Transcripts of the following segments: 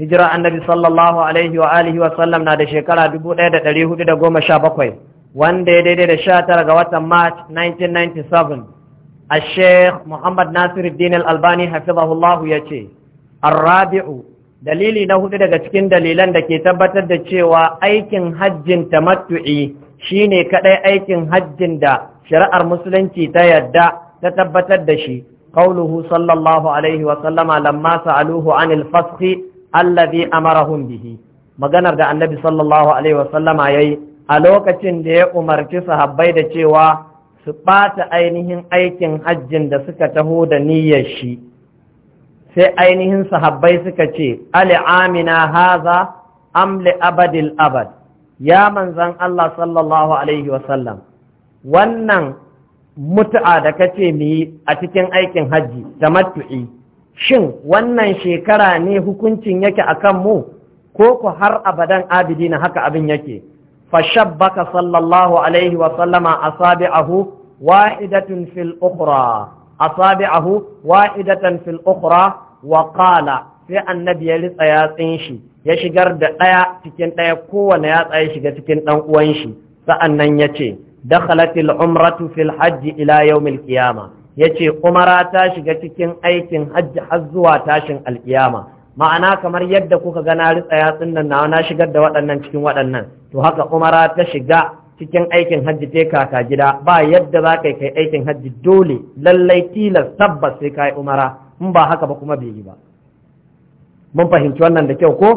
hijira annabi sallallahu alaihi wa alihi wa sallam na da shekara 1417 wanda ya daidai da sha tara ga watan march 1997 a sheikh muhammad nasiruddin al-albani hafizahullahu ya ce arrabi'u dalili na hudu daga cikin dalilan da ke tabbatar da cewa aikin hajjin tamattu'i shine kadai aikin hajjin da shari'ar musulunci ta yadda ta tabbatar da shi qauluhu sallallahu alaihi wa sallama lamma sa'aluhu anil fasqi allazi amarahum bihi maganar da annabi sallallahu alaihi wasallama yayi a lokacin da ya umarci sahabbai da cewa su ɓata ainihin aikin hajjin da suka taho da niyyar shi sai ainihin sahabbai suka ce ali amina haza amli abadil abad ya manzan Allah sallallahu alaihi wasallam wannan mutu'a da kace mu yi a cikin aikin hajji da matu'i shin wannan shekara ne hukuncin yake akan mu ko ku har abadan abidina haka abin yake fashabbaka sallallahu alaihi wa asabi'ahu wahidatun fil ukhra asabi'ahu wahidatan fil ukhra wa qala sai annabi ya ritsa yatsin shi ya shigar da ɗaya cikin ɗaya kowane yatsa ya shiga cikin ɗan uwan shi sa'annan ya ce dakhalatil umratu fil hajji ila yawmil qiyamah ya ce umara ta shiga cikin aikin hajji har zuwa tashin alkiyama ma'ana kamar yadda kuka gana ritsa ya tsinnan na na shigar da waɗannan cikin waɗannan to haka umara ta shiga cikin aikin hajji ta kaka gida ba yadda za ka kai aikin hajji dole lallai tilas tabbas sai ka yi umara in ba haka ba kuma bai yi ba mun fahimci wannan da kyau ko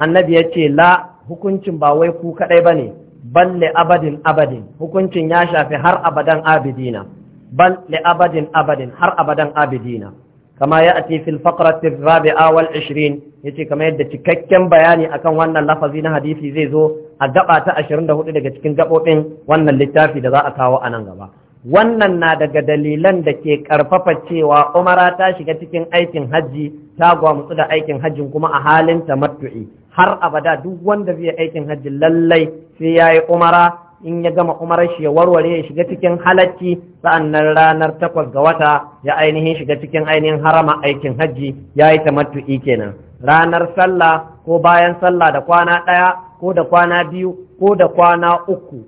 annabi ya ce la hukuncin ba wai ku kaɗai ba ne balle abadin abadin hukuncin ya shafi har abadan abidina bal li abadin abadin har abadan abidina kama ya ati fil faqrati rabi'a wal 20 yace kama yadda cikakken bayani akan wannan lafazi na hadisi zai zo a gaɓa ta 24 daga cikin gabobin wannan littafin da za a kawo a nan gaba wannan na daga dalilan da ke karfafa cewa umara ta shiga cikin aikin hajji ta gwamutsu da aikin hajjin kuma a halin ta tamattu'i har abada duk wanda zai yi aikin hajji lallai sai yayi umara in ya gama Umar shi ya warware ya shiga cikin halacci nan ranar takwas ga wata ya ainihin shiga cikin ainihin harama aikin hajji ya yi tamattu'i kenan ranar sallah ko bayan sallah da kwana ɗaya ko da kwana biyu ko da kwana uku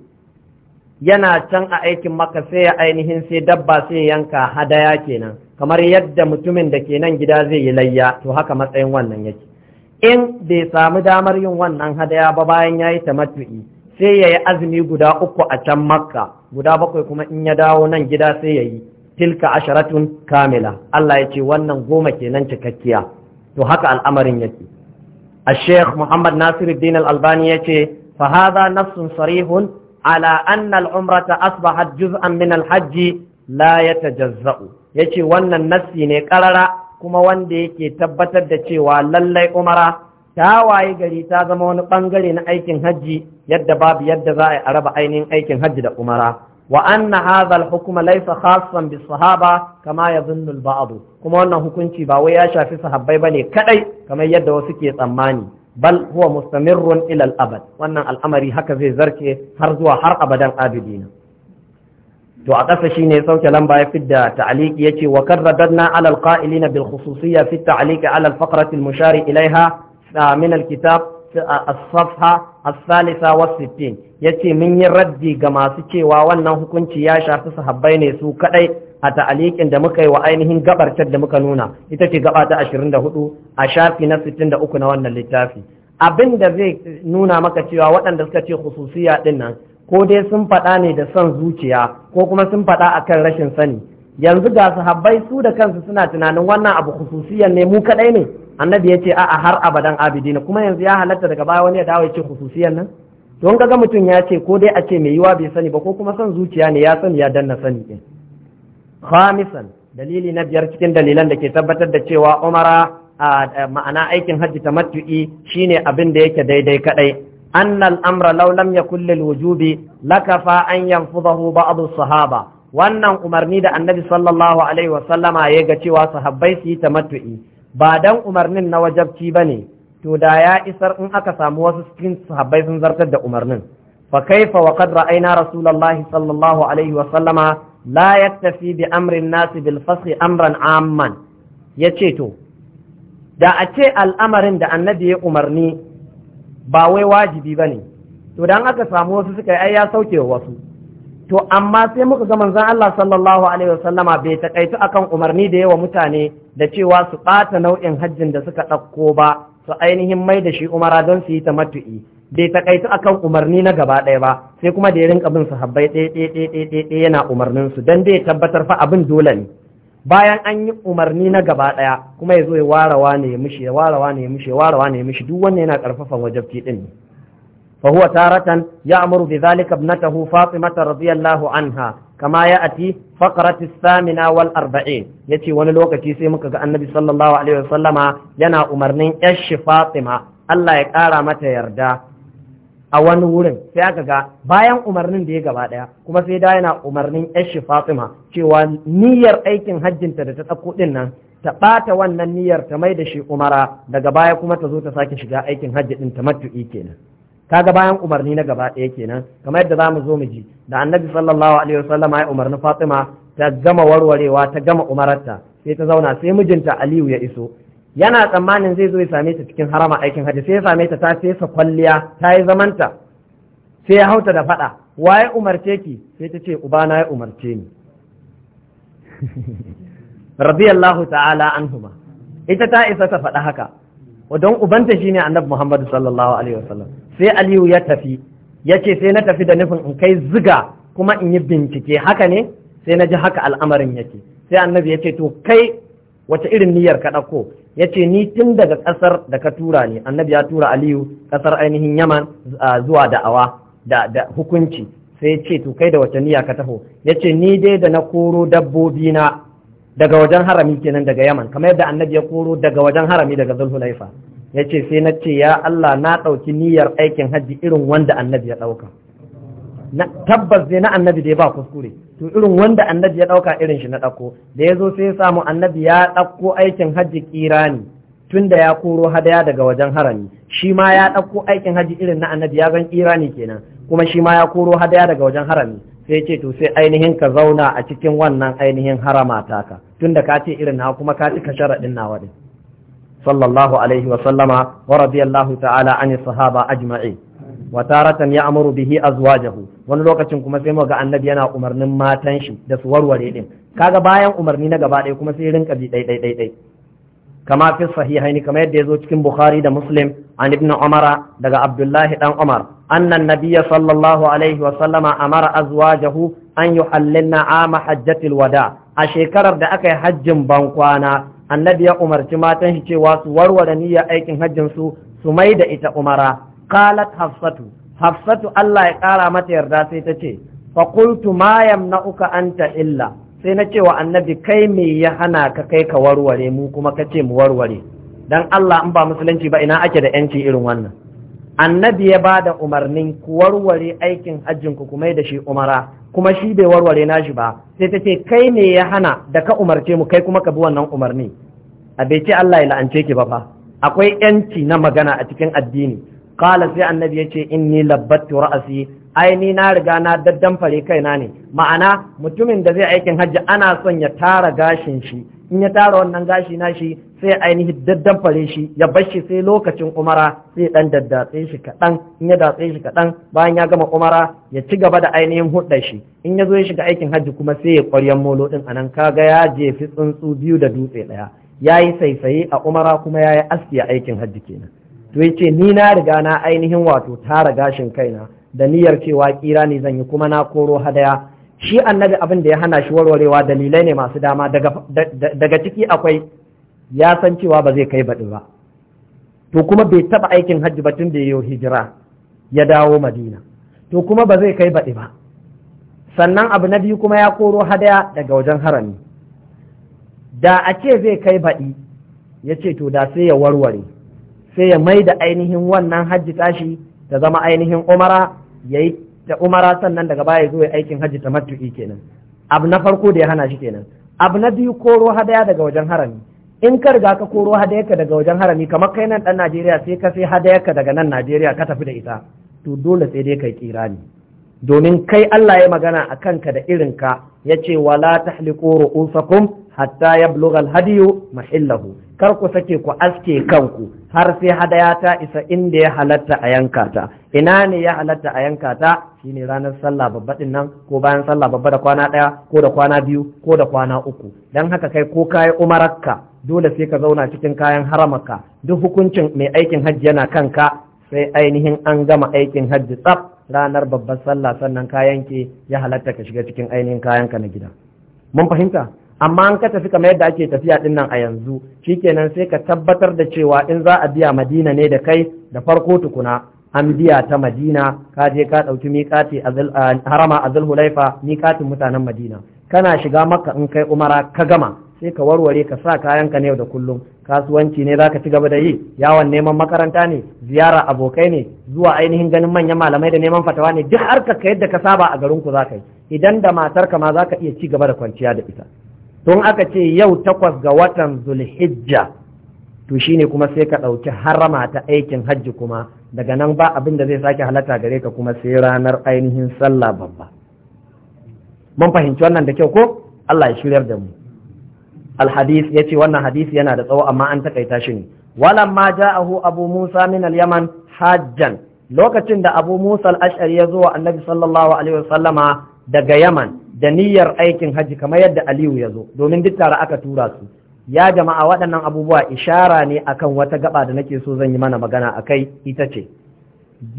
yana can a aikin maka sai ya ainihin sai dabba sai yanka hadaya kenan kamar yadda mutumin da ke nan gida zai yi layya to haka matsayin wannan yake in bai samu damar yin wannan hadaya ba bayan ya yi tamattu'i sai ya yi azumi guda uku a can makka guda bakwai kuma in ya dawo nan gida sai ya yi tilka asharatun kamila Allah ya ce wannan goma kenan cikakkiya to haka al'amarin yake a sheikh muhammad nasiru din Albani ya ce fa nassun sarihun ala anna al'umra ta asbaha juz'an la ya tajazza'u ya ce wannan nassi ne karara kuma wanda yake tabbatar da cewa lallai umara tawaye gari ta zama wani bangare na aikin hajji yadda babu yadda za a raba ainihin aikin hajji da umara wa anna hadha al-hukma laysa khassan bis sahaba kama yadhunnu al-ba'd kuma wannan hukunci ba wai ya shafi sahabbai bane kadai kamar yadda wasu ke tsammani bal huwa mustamirrun ila al-abad wannan al'amari haka zai zarke har zuwa har abadan abidina to a kasa shine sauke lamba ya fidda ta'aliki ya ce wa na alal qa'ilina bil khususiyya fi ta'aliki alal faqratil mushari ilaiha min kitab as-safha as-salisa wa sittin yace mun yi raddi ga masu cewa wannan hukunci ya shafi sahabbai ne su kaɗai a ta'alikin da muka yi wa ainihin gabartar da muka nuna ita ce gaba ta 24 a shafi na 63 na wannan littafi abin da zai nuna maka cewa waɗanda suka ce khususiya din ko dai sun faɗa ne da son zuciya ko kuma sun faɗa akan rashin sani yanzu ga sahabbai su da kansu suna tunanin wannan abu khususiyan ne mu kaɗai ne annabi ya ce a'a har abadan abidina kuma yanzu ya halatta daga baya wani ya dawo ya ce nan to in kaga mutum ya ce ko dai a ce mai yiwa bai sani ba ko kuma son zuciya ne ya sani ya danna sani din khamisan dalili na biyar cikin dalilan da ke tabbatar da cewa umara ma'ana aikin hajji tamattu'i shine abin da yake daidai kadai annal amra law lam yakul lil wujubi lakafa an yanfudahu ba'd sahaba wannan umarni da annabi sallallahu alaihi wasallama ya ga cewa sahabbai su yi matu'i ba dan umarnin na wajabci bane to da ya isar in aka samu wasu cikin sahabbai sun zartar da umarnin fa kaifa wa qad ra'ayna rasulullahi sallallahu alaihi wa sallama la yaktafi bi amrin nas bil fasl amran amman yace to da a ce al'amarin da annabi ya umarni ba wai wajibi bane to dan aka samu wasu suka yi ai ya sauke wasu to amma sai muka ga manzon Allah sallallahu alaihi wasallama bai takaitu akan umarni da yawa mutane da cewa su ɓata nau'in hajjin da suka ɗauko ba su ainihin mai da shi umara don su yi ta matu'i bai takaitu akan umarni na gaba ɗaya ba sai kuma da ya rinka bin sahabbai ɗaya yana umarnin su dan dai tabbatar fa abin dole ne bayan an yi umarni na gaba ɗaya kuma ya zo ya warawa ne ya ya warawa ne ya ya warawa ne ya duk wannan yana karfafa wajabci ɗin ne فهو تارة يأمر بذلك ابنته فاطمة رضي الله عنها كما يأتي فقرة الثامنة والأربعين sai ونلوك ga مكة النبي صلى الله عليه وسلم ينا أمرنين إش فاطمة الله يقارى متى يرجع a wani wurin sai aka ga bayan umarnin da ya gaba daya kuma sai da yana umarnin yashi Fatima cewa niyyar aikin hajjinta da ta tsakko din nan ta ɓata wannan niyyar ta mai da shi umara daga baya kuma ta zo ta sake shiga aikin hajji din ta matu'i kenan kaga bayan umarni na gaba ɗaya kenan kamar yadda za mu zo mu ji da annabi sallallahu alaihi wasallam ya umarni fatima ta gama warwarewa ta gama umararta sai ta zauna sai mijinta aliyu ya iso yana tsammanin zai zo ya same ta cikin harama aikin hajji sai ya same ta ta fesa kwalliya ta yi zamanta sai ya hauta da faɗa waye umarce ki sai ta ce ubana ya umarce ni radiyallahu ta'ala anhuma ita ta isa ta faɗa haka don ubanta shine annabi Muhammad sallallahu alaihi wasallam sai Aliyu ya tafi yace sai na tafi da nufin in kai ziga kuma in yi bincike haka ne sai na ji haka al'amarin yake sai annabi yace to kai wace irin niyyar ka ɗauko yace ni tun daga ƙasar da ka tura ne. annabi ya tura Aliyu ƙasar ainihin Yaman zuwa da'awa da da hukunci sai ya ce to kai da wace niyya ka taho yace ni dai da na koro dabbobi na daga wajen harami kenan daga yaman kamar yadda annabi ya koro daga wajen harami daga zulhulaifa ya ce sai na ce ya Allah na ɗauki niyyar aikin hajji irin wanda annabi ya ɗauka tabbas ne na annabi da ya ba kuskure to irin wanda annabi ya ɗauka irin shi na ɗauko da ya zo sai ya samu annabi ya ɗauko aikin hajji kirani tun da ya koro hadaya daga wajen harami shi ma ya ɗauko aikin hajji irin na annabi ya zan kirani kenan kuma shi ma ya koro hadaya daga wajen harami sai ce to sai ainihin ka zauna a cikin wannan ainihin harama taka tunda ka ce irin na kuma ka cika sharaɗin nawa din sallallahu alaihi wa sallama wa radiyallahu ta'ala an sahaba ajma'i wa taratan ya'muru bihi azwajahu wani lokacin kuma sai muga annabi yana umarnin matan shi da su warware din kaga bayan umarni na gaba ɗaya kuma sai rinka bi ɗai ɗai ɗai kama fi sahihaini kamar yadda ya zo cikin bukhari da muslim an ibn umara daga abdullahi dan umar annan nabiyya sallallahu alaihi wa sallama amara azwajahu an a ama hajjatil wada a shekarar da aka yi hajjin bankwana annabi ya umarci matan shi cewa su warware niyyar aikin hajjin su su mai da ita umara qalat hafsatu hafsatu Allah ya kara mata yarda sai ta ce fa qultu ma yamna'uka anta illa sai na cewa annabi kai me ya hana ka kai ka warware mu kuma ka ce mu warware dan Allah in ba musulunci ba ina ake da yanci irin wannan annabi ya bada umarnin ku warware aikin hajjin ku kuma da shi umara kuma shi bai warware nashi ba sai ta ce kai ne ya hana da ka umarce mu kai kuma ka bi wannan umarni a bai ce Allah ya la'ance ki ba fa akwai yanci na magana a cikin addini qala sai annabi ya yace inni labbattu ra'si ai ni na riga na daddan fare kaina ne ma'ana mutumin da zai aikin hajji ana son ya tara gashin shi in ya tara wannan gashi na shi sai ainihin daddan fare shi ya bar shi sai lokacin umara sai dan daddatse shi kaɗan in ya datse shi kaɗan bayan ya gama umara ya ci gaba da ainihin hudda shi in ya zo ya shiga aikin hajji kuma sai ya ƙwaryan molo din anan kaga ya jefi tsuntsu biyu da dutse ɗaya ya yi saisaye a umara kuma ya yi aski a aikin hajji kenan to ya ce ni na riga na ainihin wato tara gashin kaina da niyyar cewa kira ne zan yi kuma na koro hadaya shi annabi abin da ya hana shi warwarewa dalilai ne masu dama daga ciki akwai ya san cewa ba zai kai baɗi ba to kuma bai taɓa aikin hajji ba tun da ya yi hijira ya dawo madina to kuma ba zai kai baɗi ba sannan abu na biyu kuma ya koro hadaya daga wajen harami da a ce zai kai baɗi ya ce to da sai ya warware sai ya mai da ainihin wannan hajji tashi ta zama ainihin umara ya yi ta umara sannan daga baya zuwa ya aikin hajji ta matu'i kenan abu na farko da ya hana shi kenan abu na biyu koro hadaya daga wajen harami in ka riga ka koro hadayarka daga wajen harami kamar kai nan dan Najeriya sai ka sai hadayarka daga nan Najeriya ka tafi da ita to dole sai dai kai ni. domin kai Allah ya magana a kanka da irinka ya ce wala tahliqu ru'usakum hatta yablugha al-hadiyu mahillahu kar ku sake ku aske kanku har sai hadaya ta isa inda ya halatta a yanka ta ina ne ya halatta a yanka ta shine ranar sallah babba din nan ko bayan sallah babba da kwana ɗaya, ko da kwana biyu ko da kwana uku dan haka kai ko kai umararka dole sai ka zauna cikin kayan haramaka duk hukuncin mai aikin hajji yana kanka sai ainihin an gama aikin hajji tsaf ranar babbar sallah sannan kayan ke ya halatta ka shiga cikin ainihin kayanka na gida mun fahimta amma an ka tafi kamar yadda ake tafiya din nan a yanzu Shi shikenan sai ka tabbatar da cewa in za a biya madina ne da kai da farko tukuna an biya ta madina ka je ka ɗauki miƙati harama a zulhulaifa miƙatin mutanen madina kana shiga maka in kai umara ka gama sai ka warware ka sa kayan ka ne da kullum kasuwanci ne zaka ci gaba da yi yawon neman makaranta ne ziyara abokai ne zuwa ainihin ganin manyan malamai da neman fatawa ne duk harkar ka yadda ka saba a garin ku ka yi idan da matarka ka ma ka iya ci gaba da kwanciya da ita tun aka ce yau takwas ga watan zulhijja to shine kuma sai ka ɗauki harama ta aikin hajji kuma daga nan ba abin da zai sake halatta gare ka kuma sai ranar ainihin sallah babba mun fahimci wannan da kyau ko Allah ya shiryar da mu alhadis ya ce wannan hadisi yana da tsawo amma an takaita shi ne ma ja'ahu abu musa min al-yaman hajjan lokacin da abu musa al-ash'ari ya zo wa annabi sallallahu alaihi wasallama daga yaman da niyyar aikin haji kamar yadda aliyu ya zo domin duk tare aka tura su ya jama'a waɗannan abubuwa ishara ne akan wata gaba da nake so zan yi mana magana a kai ita ce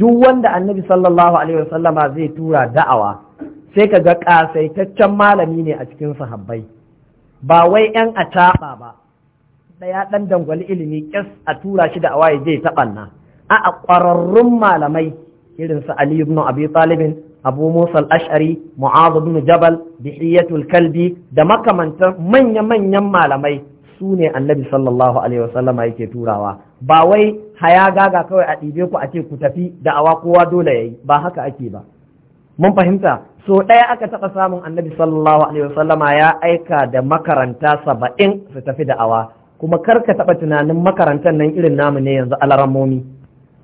duk wanda annabi sallallahu alaihi wasallama zai tura da'awa sai ka ga ƙasaitaccen malami ne a cikin sahabbai ba wai 'yan a taɓa ba ɗaya ɗan dangwali ilimi ƙyas a tura shi da awaye zai taɓanna a a ƙwararrun malamai irin su Ali ibn Abi Talibin abu musa al-ash'ari mu'adh jabal bihiyatul kalbi da makamantan manya-manyan malamai su ne annabi sallallahu alaihi wasallama yake turawa ba wai haya gaga kawai a ɗibe ku a ce ku tafi da awa kowa dole ya yi. ba haka ake ba mun fahimta so ɗaya aka taɓa samun annabi sallallahu alaihi wasallama ya aika da makaranta saba'in su tafi da awa kuma kar ka taɓa tunanin makarantar nan irin namu ne yanzu alarammomi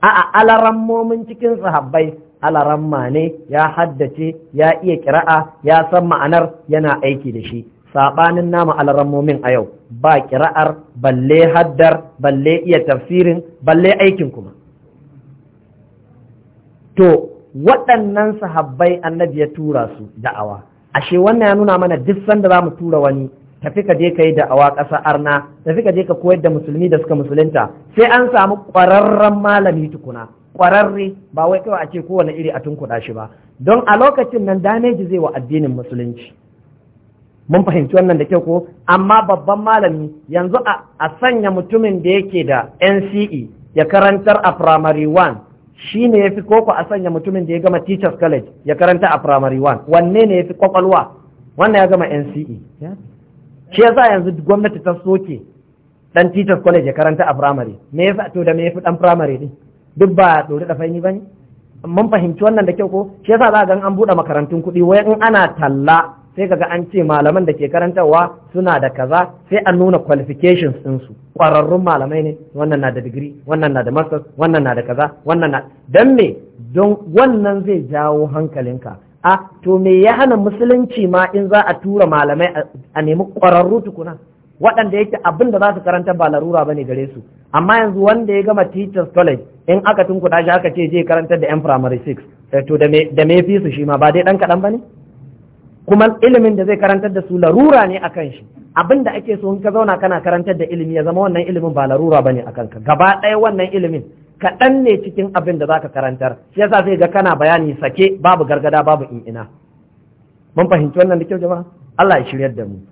a'a alarammomin cikin sahabbai alaramma ne ya haddace ya iya kira'a ya san ma'anar yana aiki da shi saɓanin nama momin a yau ba kira'ar balle haddar balle iya tafsirin balle aikin kuma to waɗannan sahabbai annabi ya tura su da'awa ashe wannan ya nuna mana duk sanda za mu tura wani tafi ka je ka yi da'awa ƙasa arna tafi ka je ka koyar da musulmi da suka musulunta sai an samu ƙwararren malami tukuna kwararre ba wai kawai a ce kowane iri a tunkuɗa shi ba don a lokacin nan dameji zai wa addinin musulunci mun fahimci wannan da kyau ko amma babban malami yanzu a sanya mutumin da yake da NCE ya karantar a primary one shi ne ya fi koko a sanya mutumin da ya gama teachers college ya karanta a primary one wanne ne ya fi kwakwalwa wannan ya gama NCE shi yasa yanzu gwamnati ta soke dan teachers college ya karanta a primary me yasa to da me yafi dan primary din duk ba dori da faini bane mun fahimci wannan da kyau ko shi yasa za ga an buɗe makarantun kuɗi wai in ana talla sai kaga an ce malaman da ke karantarwa suna da kaza sai an nuna qualifications su. ƙwararrun malamai ne wannan na da digiri wannan na da masters wannan na da kaza wannan na don me don wannan zai jawo hankalinka a to me ya hana musulunci ma in za a tura malamai a nemi ƙwararru tukuna waɗanda yake abin da za su karanta ba larura ba ne gare su amma yanzu wanda ya gama teachers college in aka tunkuɗa shi aka ce je karantar da yan firamare eh, 6 to da me fi su shi ma ba dai dan kaɗan ba ne kuma ilimin da zai karantar da su larura ne akan shi abin da ake so ka zauna kana karantar da ilimi ya zama wannan ilimin ba larura bane akan ka gaba ɗaya wannan ilimin kaɗan ne cikin abin da za ka karantar shi yasa zai ga kana bayani sake babu gargada babu in ina mun fahimci wannan da kyau jama'a Allah ya shiryar da mu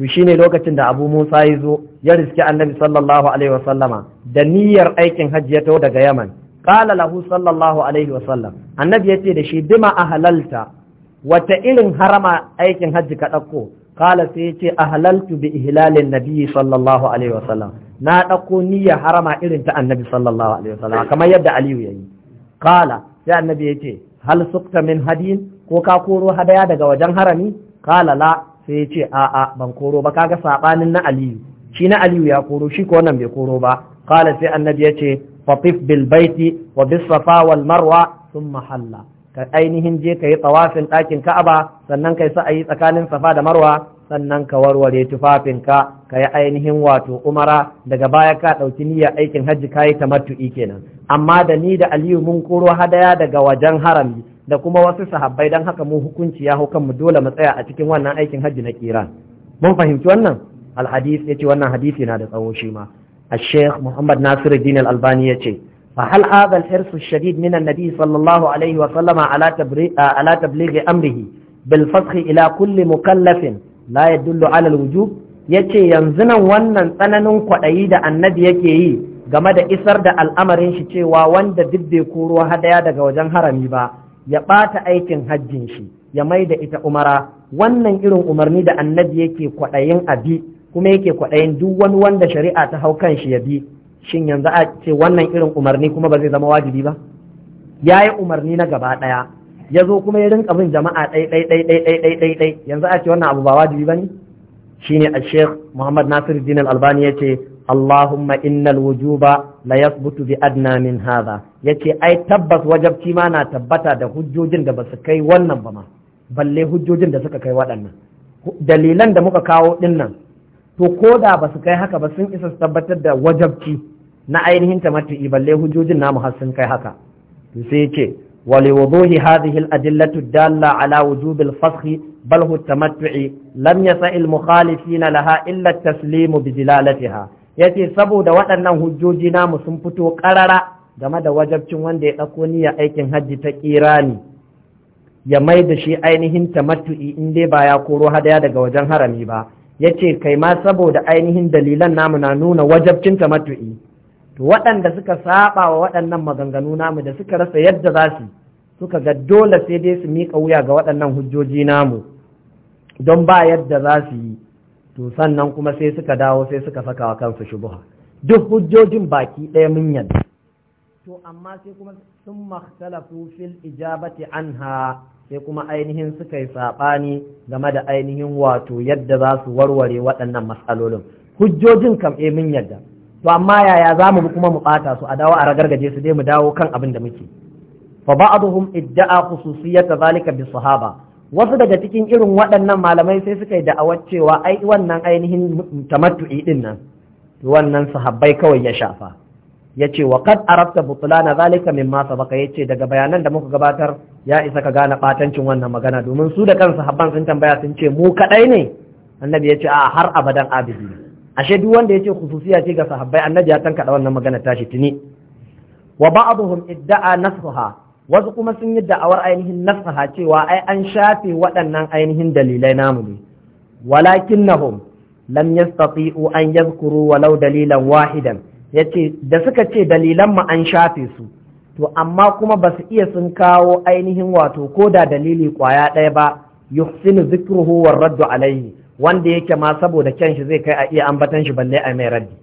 to shine lokacin da Abu Musa ya zo ya riski Annabi sallallahu alaihi wasallama da niyyar aikin hajji ya daga Yaman qala lahu sallallahu alaihi wasallam Annabi ya ce da shi bima ahlalta wata irin harama aikin hajji ka dauko. kala sai ya ce ahlaltu bi ihlalin nabi sallallahu alaihi wasallam na ɗauko niyyar harama irin ta annabi sallallahu alaihi wasallam kamar yadda aliyu ya yi kala sai annabi ya ce hal min hadin ko ka koro hadaya daga wajen harami kala la sai ya ce a'a ban koro ba kaga sabanin na aliyu shi na aliyu ya koro shi ko wannan bai koro ba qala sai annabi ya ce fatif bil baiti wa bis safa wal marwa thumma halla ka ainihin je ka yi tsawafin ɗakin ka'aba sannan kai sa ayi tsakanin safa da marwa sannan ka warware tufafinka ka yi ainihin wato umara daga baya ka ɗauki niyya aikin hajji ka yi tamattu'i kenan amma da ni da aliyu mun koro hadaya daga wajen harami da kuma wasu sahabbai don haka mu hukunci ya hau mu dole mu tsaya a cikin wannan aikin hajji na kiran mun fahimci wannan alhadis yace wannan hadisi na da tsawo shi ma الشيخ محمد ناصر الدين الألباني يتي فهل هذا الحرص الشديد من النبي صلى الله عليه وسلم على, على تبليغ أمره بالفسخ إلى كل مكلف لا يدل على الوجوب yace yanzu nan wannan tsananin kwaɗayi da annabi yake yi game da isar da al'amarin shi cewa wanda duk bai koro hadaya daga wajen harami ba ya ɓata aikin hajjin shi ya mai da ita umara wannan irin umarni da annabi yake kwaɗayin abi kuma yake kwaɗayin duk wani wanda shari'a ta hau kan shi ya bi shin yanzu a ce wannan irin umarni kuma ba zai zama wajibi ba ya yi umarni na gaba ɗaya ya zo kuma ya rinka bin jama'a ɗai ɗai ɗai ɗai ɗai ɗai ɗai yanzu a ce wannan abu ba wajibi ba ne shine a sheikh muhammad nasir din albani ya ce اللهم إن الوجوب لا يثبت بأدنى من هذا yace ai tabbas wajabci ma na tabbata da hujjojin da basu kai wannan ba ma balle hujjojin da suka kai waɗannan dalilan da muka kawo ɗinnan, to ko da basu kai haka ba sun isa tabbatar da wajabci na ainihin tamattu'i balle hujjojin namu har sun kai haka to sai yace ولوضوح هذه الأدلة الدالة على وجوب الفسخ بل هو التمتع لم يسع المخالفين لها إلا التسليم بدلالتها ya ce saboda waɗannan hujjoji namu sun fito ƙarara game da wajabcin wanda ya ɗauko ya aikin hajji ta ƙirani ya mai da shi ainihin ta tamattu'i in dai ba ya koro hadaya daga wajen harami ba ya ce kai ma saboda ainihin dalilan namu na nuna wajabcin tamattu'i to waɗanda suka saɓa wa waɗannan maganganu namu da suka rasa yadda za su suka ga dole sai dai su miƙa wuya ga waɗannan hujjoji namu don ba yadda za su yi to sannan kuma sai suka dawo sai suka saka wa kansu shubuha duk hujjojin baki ɗaya mun yadda to amma sai kuma sun makhtalafu fil ijabati anha sai kuma ainihin suka yi saɓani game da ainihin wato yadda za su warware waɗannan matsalolin hujjojin kam ɗaya eh, mun yadda to amma yaya za mu kuma mu ɓata su a dawo a ragargaje su dai mu dawo kan abin da muke fa ba'dhum idda'a khususiyyata zalika bi sahaba wasu daga cikin irin waɗannan malamai sai suka yi da'awar cewa ai wannan ainihin tamattu'i din nan wannan sahabbai kawai ya shafa Ya ce wa qad arafta na zalika min baka ya ce daga bayanan da muka gabatar ya isa ka gane batancin wannan magana domin su da kansu habban sun tambaya sun ce mu kaɗai ne annabi ya ce a har abadan abidi ashe duk wanda ya yace khususiya ce ga sahabbai annabi ya tanka da wannan magana tashi tuni wa ba'aduhum idda'a nasruha wasu kuma sun yi da'awar ainihin nasaha cewa ai an shafe waɗannan ainihin dalilai namu ne walakin nahum lam yastati'u an yadhkuru walau dalilan wahidan yace da suka ce dalilan mu an shafe su to amma kuma ba su iya sun kawo ainihin wato ko da dalili kwaya ɗaya ba yuhsinu zikruhu wa raddu alayhi wanda yake ma saboda kyan shi zai kai a iya ambatan shi balle a mai raddi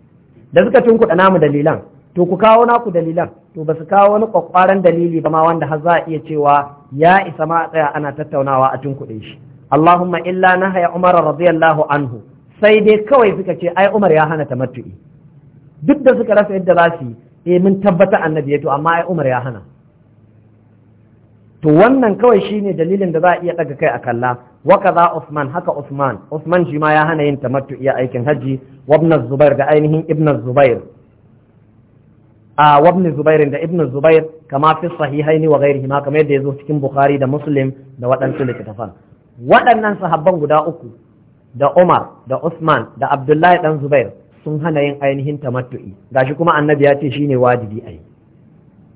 da suka tunkuɗa namu dalilan to ku kawo naku dalilan to ba su kawo wani kwakwaran dalili ba ma wanda har za a iya cewa ya isa ma a tsaya ana tattaunawa a tunkuɗe shi Allahumma illa na haya Umar radiyallahu anhu sai dai kawai suka ce ai Umar ya hana tamattu'i duk da suka rasa yadda za su e mun tabbata annabi ya to amma ai Umar ya hana to wannan kawai shine dalilin da za a iya daga kai a kalla wa kaza Usman haka Usman Usman shi ma ya hana yin tamattu'i a aikin hajji wa ibn Zubair da ainihin ibn Zubair a wabni zubair da ibn zubair kama fi sahihaini wa ghairihi ma kamar yadda yazo cikin bukhari da muslim da waɗansu littattafan waɗannan sahabban guda uku da umar da usman da abdullahi dan zubair sun hana yin ainihin tamattu'i gashi kuma annabi ya ce shine wajibi ai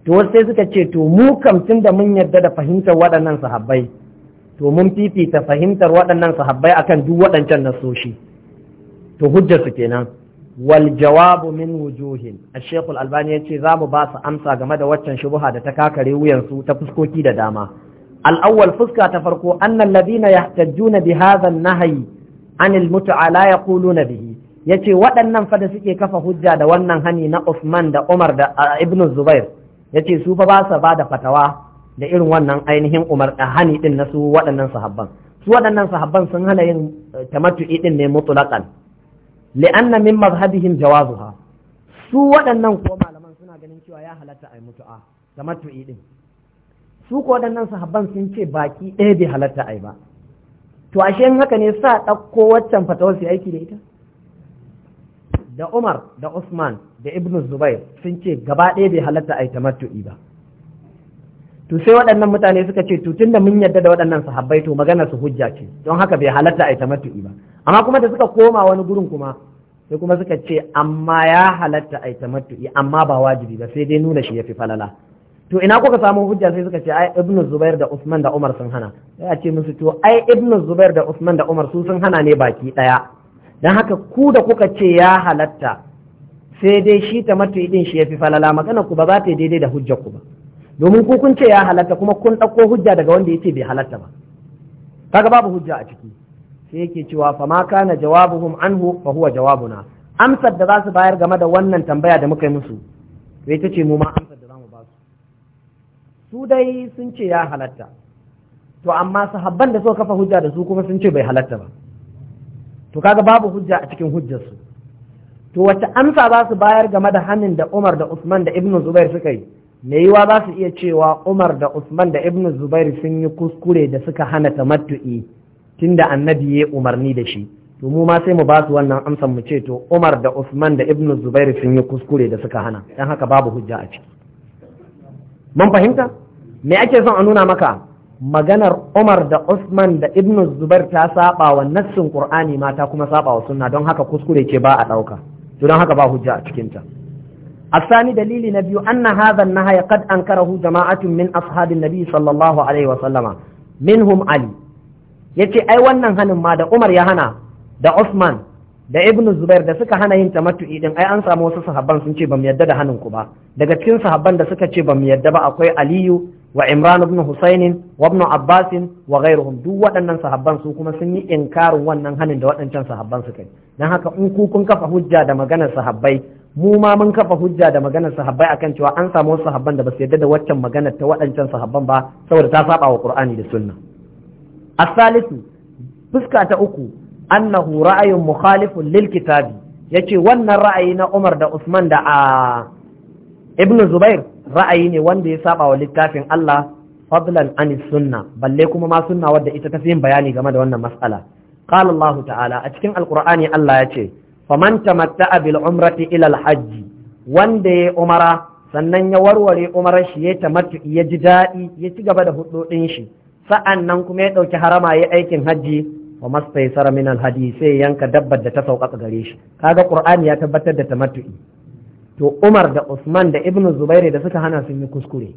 to sai suka ce to mu kam tun da mun yarda da fahimtar waɗannan sahabbai to mun fifita fahimtar waɗannan sahabbai akan duk waɗancan nasoshi to hujjar su kenan wal min wujuhin ash-shaykh al-albani yace zamu ba su amsa game da waccan shubha da ta kakare wuyan su ta fuskoki da dama al-awwal fuska ta farko annal ladina yahtajjuna bi hadha an-nahyi anil mut'a la na bihi yace waɗannan fa suke kafa hujja da wannan hani na Uthman da Umar da Ibn Zubair yace su ba sa ba da fatawa da irin wannan ainihin Umar da hani na su waɗannan sahabban su waɗannan sahabban sun hana yin eh, tamattu'i din ne mutlaqan li'anna min mazhabihim jawazuha su waɗannan ko malaman suna ganin cewa ya halatta a yi mutu'a da matu'i din su ko waɗannan sahabban sun ce baki ɗaya bai halatta a yi ba to ashe in haka ne sa ɗauko waccan fatawar su aiki da ita da Umar da Usman da Ibn Zubair sun ce gaba ɗaya bai halatta a yi matu'i ba to sai waɗannan mutane suka ce to tunda mun yarda da waɗannan sahabbai to magana su hujja ce don haka bai halatta a yi matu'i ba amma kuma da suka koma wani gurin kuma sai kuma suka ce amma ya halatta ai tamattu'i amma ba wajibi ba sai dai nuna shi ya fi falala to ina kuka samu hujja sai suka ce ai ibnu zubair da usman da umar sun hana sai a ce musu to ai ibnu zubair da usman da umar su sun hana ne baki daya dan haka ku da kuka ce ya halatta sai dai shi tamattu'i din shi ya fi falala magana ku ba za ta yi daidai da hujjar ku ba domin ku kun ce ya halatta kuma kun ɗauko hujja daga wanda yace bai halatta ba kaga babu hujja a ciki sai yake cewa fa ma kana jawabuhum anhu fa huwa jawabuna amsar da za su bayar game da wannan tambaya da muka yi musu to ta ce mu ma amsar da zamu ba su su dai sun ce ya halatta to amma sahabban da suka kafa hujja da su kuma sun ce bai halatta ba to kaga babu hujja a cikin hujjar su to wata amsa za su bayar game da hannun da Umar da Usman da Ibn Zubair suka yi me yiwa za su iya cewa Umar da Usman da Ibn Zubair sun yi kuskure da suka hana tamattu'i tunda annabi ya umarni da shi to mu ma sai mu ba su wannan amsan mu ce to Umar da Usman da Ibn Zubair sun yi kuskure da suka hana dan haka babu hujja a ciki mun fahimta me ake son a nuna maka maganar Umar da Usman da Ibn Zubair ta saba wa nassin Qur'ani ma ta kuma saba wa sunna don haka kuskure ce ba a dauka to don haka ba hujja a cikin ta الثاني دليل نبي أن هذا النهي قد أنكره جماعة من أصحاب النبي صلى الله عليه وسلم منهم علي Ya ce ai wannan hanin ma da Umar ya hana da Usman da Ibn Zubair da suka hana yin tamattu'i din ai an samu wasu sahabban sun ce bamu yadda da hanin ku ba daga cikin sahabban da suka ce bamu yadda ba akwai Aliyu wa Imran ibn Husayn wa ibn Abbas wa ghairuhum duk waɗannan sahabban su kuma sun yi inkarin wannan hanin da waɗancan sahabban suka yi dan haka in ku kun kafa hujja da maganar sahabbai mu ma mun kafa hujja da maganar sahabbai akan cewa an samu wasu sahabban da ba su yadda da waccan maganar ta waɗancan sahabban ba saboda ta saba wa Qur'ani da Sunna A Salisu, fuska ta uku annahu ra'ayin mukhalifun lil kitabi yace wannan ra'ayi na Umar da Usman da a Ibn Zubair ra'ayi ne wanda ya saɓa wa littafin Allah fadlan an sunna balle kuma ma sunna wadda ita ta fi yin bayani game da wannan mas'ala qala ta'ala a cikin alqur'ani Allah yace faman tamatta'a bil umrati ila al hajji wanda ya umara sannan ya warware umarar shi ya tamattu ya ji daɗi ya ci gaba da hudodin shi sa'an nan kuma ya ɗauki harama ya aikin hajji wa mastai sara minal alhadi sai yanka dabbar da ta sauƙaƙa gare shi kaga ƙur'ani ya tabbatar da tamattu'i to umar da usman da ibnu Zubairu da suka hana sun yi kuskure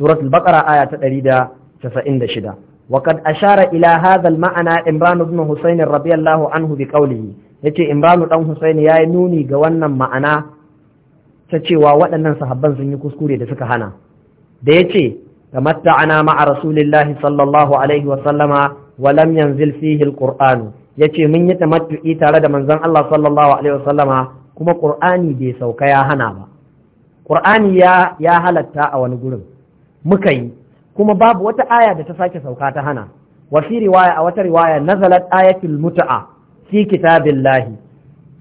suratul baqara aya ta 196 وقد أشار إلى هذا ma'ana إمران بن حسين رضي الله عنه Ya yace Imran dan Husaini ya yi nuni ga wannan ma'ana ta cewa waɗannan sahabban sun yi kuskure da suka hana da yace tamatta'ana ma'a rasulillahi sallallahu alaihi wa sallama wa lam yanzil fihi yace mun yi tamattu'i tare da manzan Allah sallallahu kuma ƙur'ani bai sauka ya hana ba Ƙur'ani ya halatta a wani gurin muka yi kuma babu wata aya da ta sake sauka ta hana wa riwaya a wata riwaya nazalat ayatul mut'a fi kitabillahi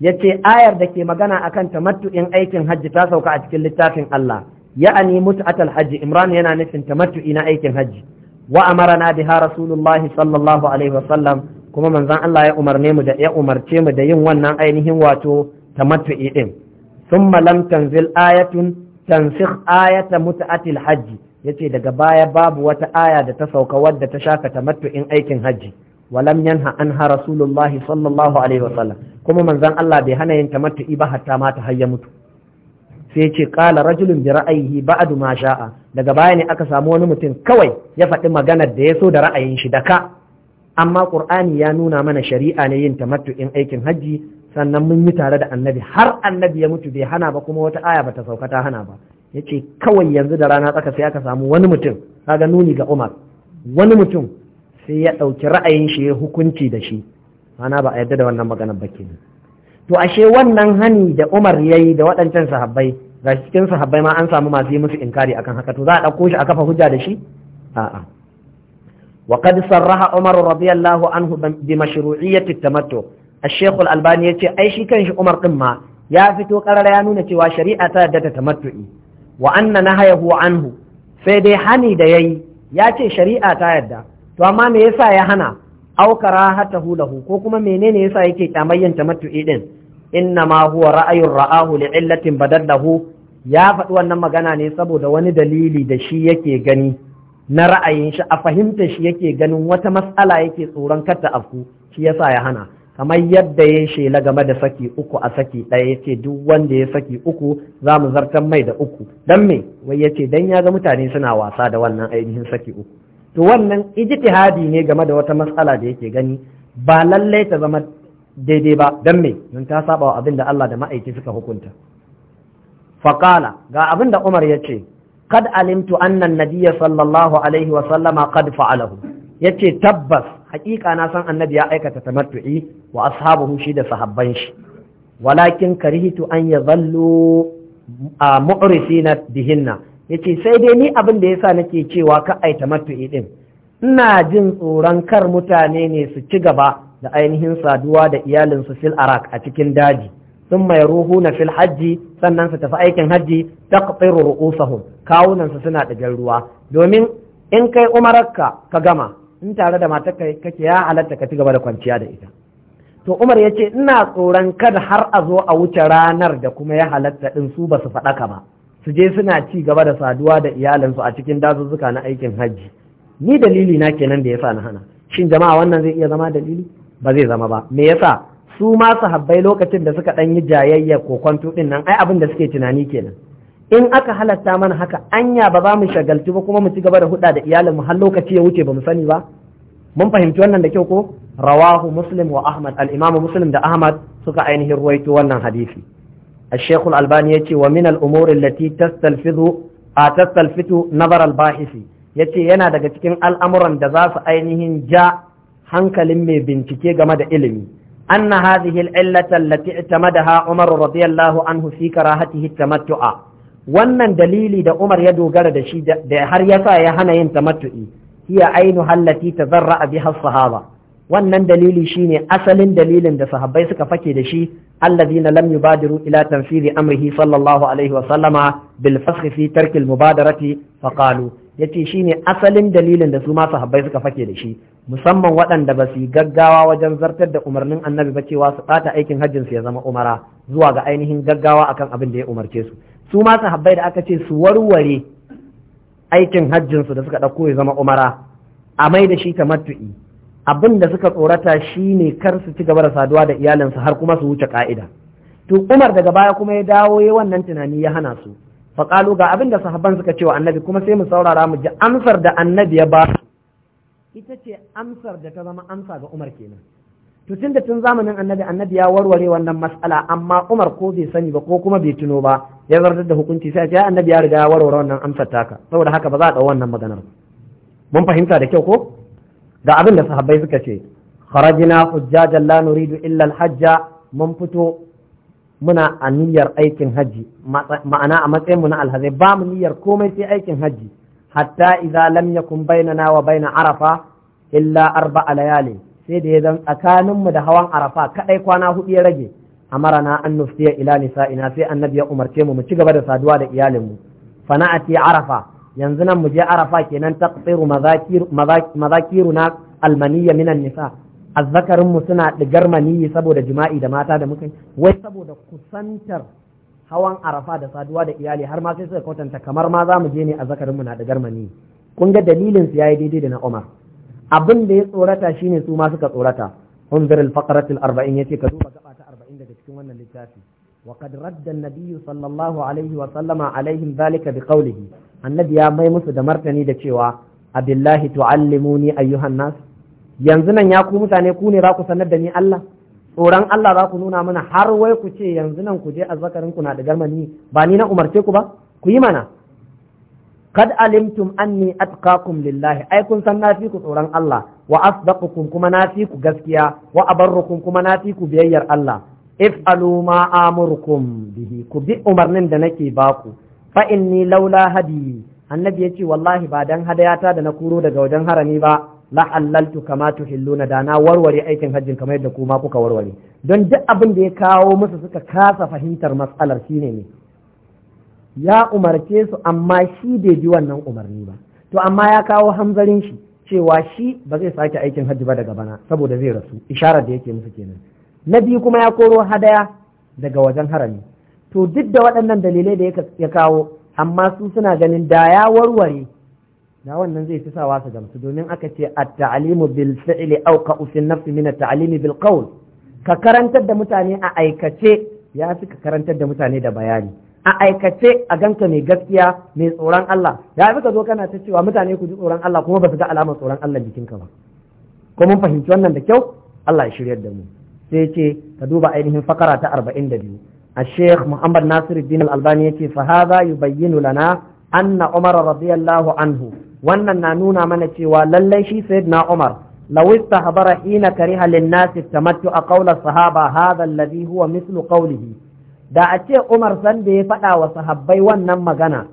yace ayar da ke magana akan tamattu'in aikin hajji ta sauka a cikin littafin Allah ya'ani mut'atal hajji imran yana nufin tamattu'i na aikin hajji wa amarana biha rasulullahi sallallahu alaihi wasallam kuma manzon Allah ya umarne da umarce mu da yin wannan ainihin wato tamattu'i din thumma lam tanzil ayatun tansikh ayata mut'atil hajji yace daga baya babu wata aya da ta sauka wadda ta shaka tamattu'in aikin hajji ولم ينهى عنها رسول الله صلى الله عليه وسلم كما من زان الله بهنا ينتمت إباحة ما تهيمته sai ce kala rajulun bi ra'ayihi ba'du ma sha'a daga baya ne aka samu wani mutum kawai ya faɗi maganar da ya so da ra'ayin shi da ka amma qur'ani ya nuna mana shari'a ne yin tamattu'in aikin hajji sannan mun yi tare da annabi har annabi ya mutu bai hana ba kuma wata aya bata sauka ta hana ba yace kawai yanzu da rana tsaka sai aka samu wani mutum kaga nuni ga Umar wani mutum sai ya ɗauki ra'ayin shi ya hukunci da shi ana ba a yadda da wannan maganar ba to ashe wannan hani da Umar yayi da waɗancan sahabbai ga cikin sahabbai ma an samu masu yi musu inkari akan haka to za a ɗauko shi a kafa hujja da shi a'a wa qad sarraha Umar radiyallahu anhu bi mashru'iyyati tamattu al-Sheikh al-Albani yace ai shi kanshi Umar din ma ya fito karara ya nuna cewa shari'a ta yadda ta tamattu'i wa anna nahayahu anhu sai dai hani da yayi ya ce shari'a ta yadda to amma me yasa ya hana Aukara hata hula hu, ko kuma menene yasa yake kyamayyan tamattu'i din inna ma huwa ra'ayun ra'ahu li illatin badallahu ya faɗi wannan magana ne saboda wani dalili da shi yake gani na ra'ayin shi a fahimta shi yake ganin wata matsala yake tsoron kar afku shi yasa ya hana kamar yadda ya shela game da saki uku a saki ɗaya ya ce duk wanda ya saki uku za mu zartar mai da uku don me wai ya ce don ya ga mutane suna wasa da wannan ainihin saki uku to wannan ijtihadi ne game da wata matsala da yake gani ba lallai ta zama daidai ba dan me don ta saba wa abin da Allah da ma'aiki suka hukunta faqala ga abin da Umar ya ce kad alimtu anna nabiyya sallallahu alaihi wa sallama qad fa'alahu yace tabbas haƙiƙa na san annabi ya aikata tamattu'i wa ashabuhu shi da sahabban shi walakin karihtu an yadhallu mu'risina bihinna Ya ce sai dai ni abin da ya sa nake cewa ka aita matu'i din ina jin tsoron kar mutane ne su ci gaba da ainihin saduwa da iyalinsu fil arak a cikin daji sun mai ruhu na fil hajji sannan su tafi aikin hajji ta tsiru ru'usahum kawunansu suna ɗigar ruwa domin in kai umararka ka gama in tare da matar kake ya halatta ka ci gaba da kwanciya da ita to umar ya ce ina tsoron kada har a zo a wuce ranar da kuma ya halatta din su ba su faɗaka ba su je suna ci gaba da saduwa da iyalinsu a cikin dazuzzuka na aikin hajji ni dalili na kenan da ya sa na hana shin jama'a wannan zai iya zama dalili ba zai zama ba me yasa su ma sahabbai lokacin da suka dan yi jayayya ko kwanto din nan ai abin da suke tunani kenan in aka halatta mana haka anya ba za mu shagaltu ba kuma mu ci gaba da huda da iyalinmu har lokaci ya wuce ba mu sani ba mun fahimci wannan da kyau ko rawahu muslim wa ahmad al-imamu muslim da ahmad suka ainihin ruwaito wannan hadisi الشيخ الألباني يتي ومن الأمور التي تستلفظ تستلفت نظر الباحث yace yana daga cikin al'amuran da za su ainihin ja hankalin mai bincike game da ilimi anna hadhihi al-illata allati i'tamadaha Umar radiyallahu anhu fi karahatihi tamattu'a wannan dalili da Umar ya dogara da shi da har yasa ya hana yin tamattu'i hiya ainu allati tazarra'a biha as-sahaba wannan dalili shine asalin dalilin da sahabbai suka fake da shi allazina lam yubadiru ila tanfiri amrihi sallallahu alaihi wa sallama bil fasl fi tarki al mubadarati fa qalu yace shine asalin dalilin da su ma sahabbai suka fake da shi musamman waɗanda ba su gaggawa wajen zartar da umarnin annabi ba cewa su ɓata aikin hajjin su ya zama umara zuwa ga ainihin gaggawa akan abin da ya umarce su su ma sahabbai da aka ce su warware aikin hajjin su da suka ɗauko ya zama umara a mai da shi tamattu'i abin da suka tsorata shi ne kar su ci gaba da saduwa da iyalinsu har kuma su wuce ka'ida to Umar daga baya kuma ya dawo ya wannan tunani ya hana su faƙalu ga abin da sahabban suka ce wa annabi kuma sai mu saurara mu ji amsar da annabi ya ba ita ce amsar da ta zama amsa ga Umar kenan to tun da tun zamanin annabi annabi ya warware wannan mas'ala amma Umar ko bai sani ba ko kuma bai tuno ba ya zartar da hukunci sai ce annabi ya riga ya warware wannan amsar taka saboda haka ba za a ɗau wannan maganar mun fahimta da kyau ko ga abin da sahabbai suka ce kharajina hujjajan la nuridu illa hajja mun fito muna a niyyar aikin hajji ma'ana a matsayin mu na alhazai ba mu niyyar komai sai aikin hajji hatta idza lam yakun bainana wa baina arafa illa arba'a layali sai da ya zan tsakanin mu da hawan arafa kadai kwana hudu ya rage amarana an nufsiya ila ina sai annabi ya umarce mu mu ci gaba da saduwa da iyalin mu fana'ati arafa yanzu nan mu je arafa kenan taqsiru mazakiruna almaniyya minan nisa azzakarin mu suna digar maniyyi saboda jima'i da mata da muka wai saboda kusantar hawan arafa da saduwa da iyali har ma sai suka kwatanta kamar ma za mu je ne azzakarin mu na digar maniyyi kun ga dalilin su yayi daidai da na Umar abin da ya tsorata shine su ma suka tsorata unzir al-faqrat al-40 yace ka duba gaba ta 40 daga cikin wannan littafi وقد رد النبي صلى الله عليه وسلم عليهم ذلك بقوله annabi ya mai musu da martani da cewa abillahi tu'allimuni ayyuhan nas yanzu nan ya ku mutane ku ne za ku sanar da ni Allah tsoron Allah za ku nuna mana har wai ku ce yanzu nan ku je azzakarin ku na da garmani ba ni na umarce ku ba ku yi mana kad alimtum anni atqakum lillahi ai kun san na fi ku tsoron Allah wa asdaqukum kuma na fi ku gaskiya wa abarrukum kuma na fi ku biyayyar Allah if'alu ma amurukum bihi ku bi umarnin da nake baku fa inni laula hadi annabi ya ce wallahi ba dan hadayata da na kuro daga wajen harami ba la kama kama tuhilluna da na warware aikin hajjin kamar yadda kuma kuka warware don duk abin da ya kawo musu suka kasa fahimtar matsalar shine ne ya umarce su amma shi bai bi wannan umarni ba to amma ya kawo hanzarin shi cewa shi ba zai sake aikin hajji ba daga bana saboda zai rasu isharar da yake musu kenan na kuma ya koro hadaya daga wajen harami to duk da waɗannan dalilai da ya kawo amma su suna ganin da ya warware da wannan zai fi sawa su gamsu domin aka ce a ta'alimu bil fi'li au ka ufin nafsi min at-ta'limi bil qawl ka karantar da mutane a aikace ya fi ka karantar da mutane da bayani a aikace a ganka mai gaskiya mai tsoron Allah ya fi ka zo kana ta cewa mutane ku ji tsoron Allah kuma ba su ga alamar tsoron Allah ka ba ko mun fahimci wannan da kyau Allah ya shiryar da mu sai ce ka duba ainihin fakara ta arba'in da biyu. الشيخ محمد ناصر الدين الألباني يتي فهذا يبين لنا أن عمر رضي الله عنه وأن نانونا من تشوى لليشي سيدنا عمر لو استحضر حين كره للناس التمتع قول الصحابة هذا الذي هو مثل قوله da a ce Umar san da ya faɗa sahabbai wannan magana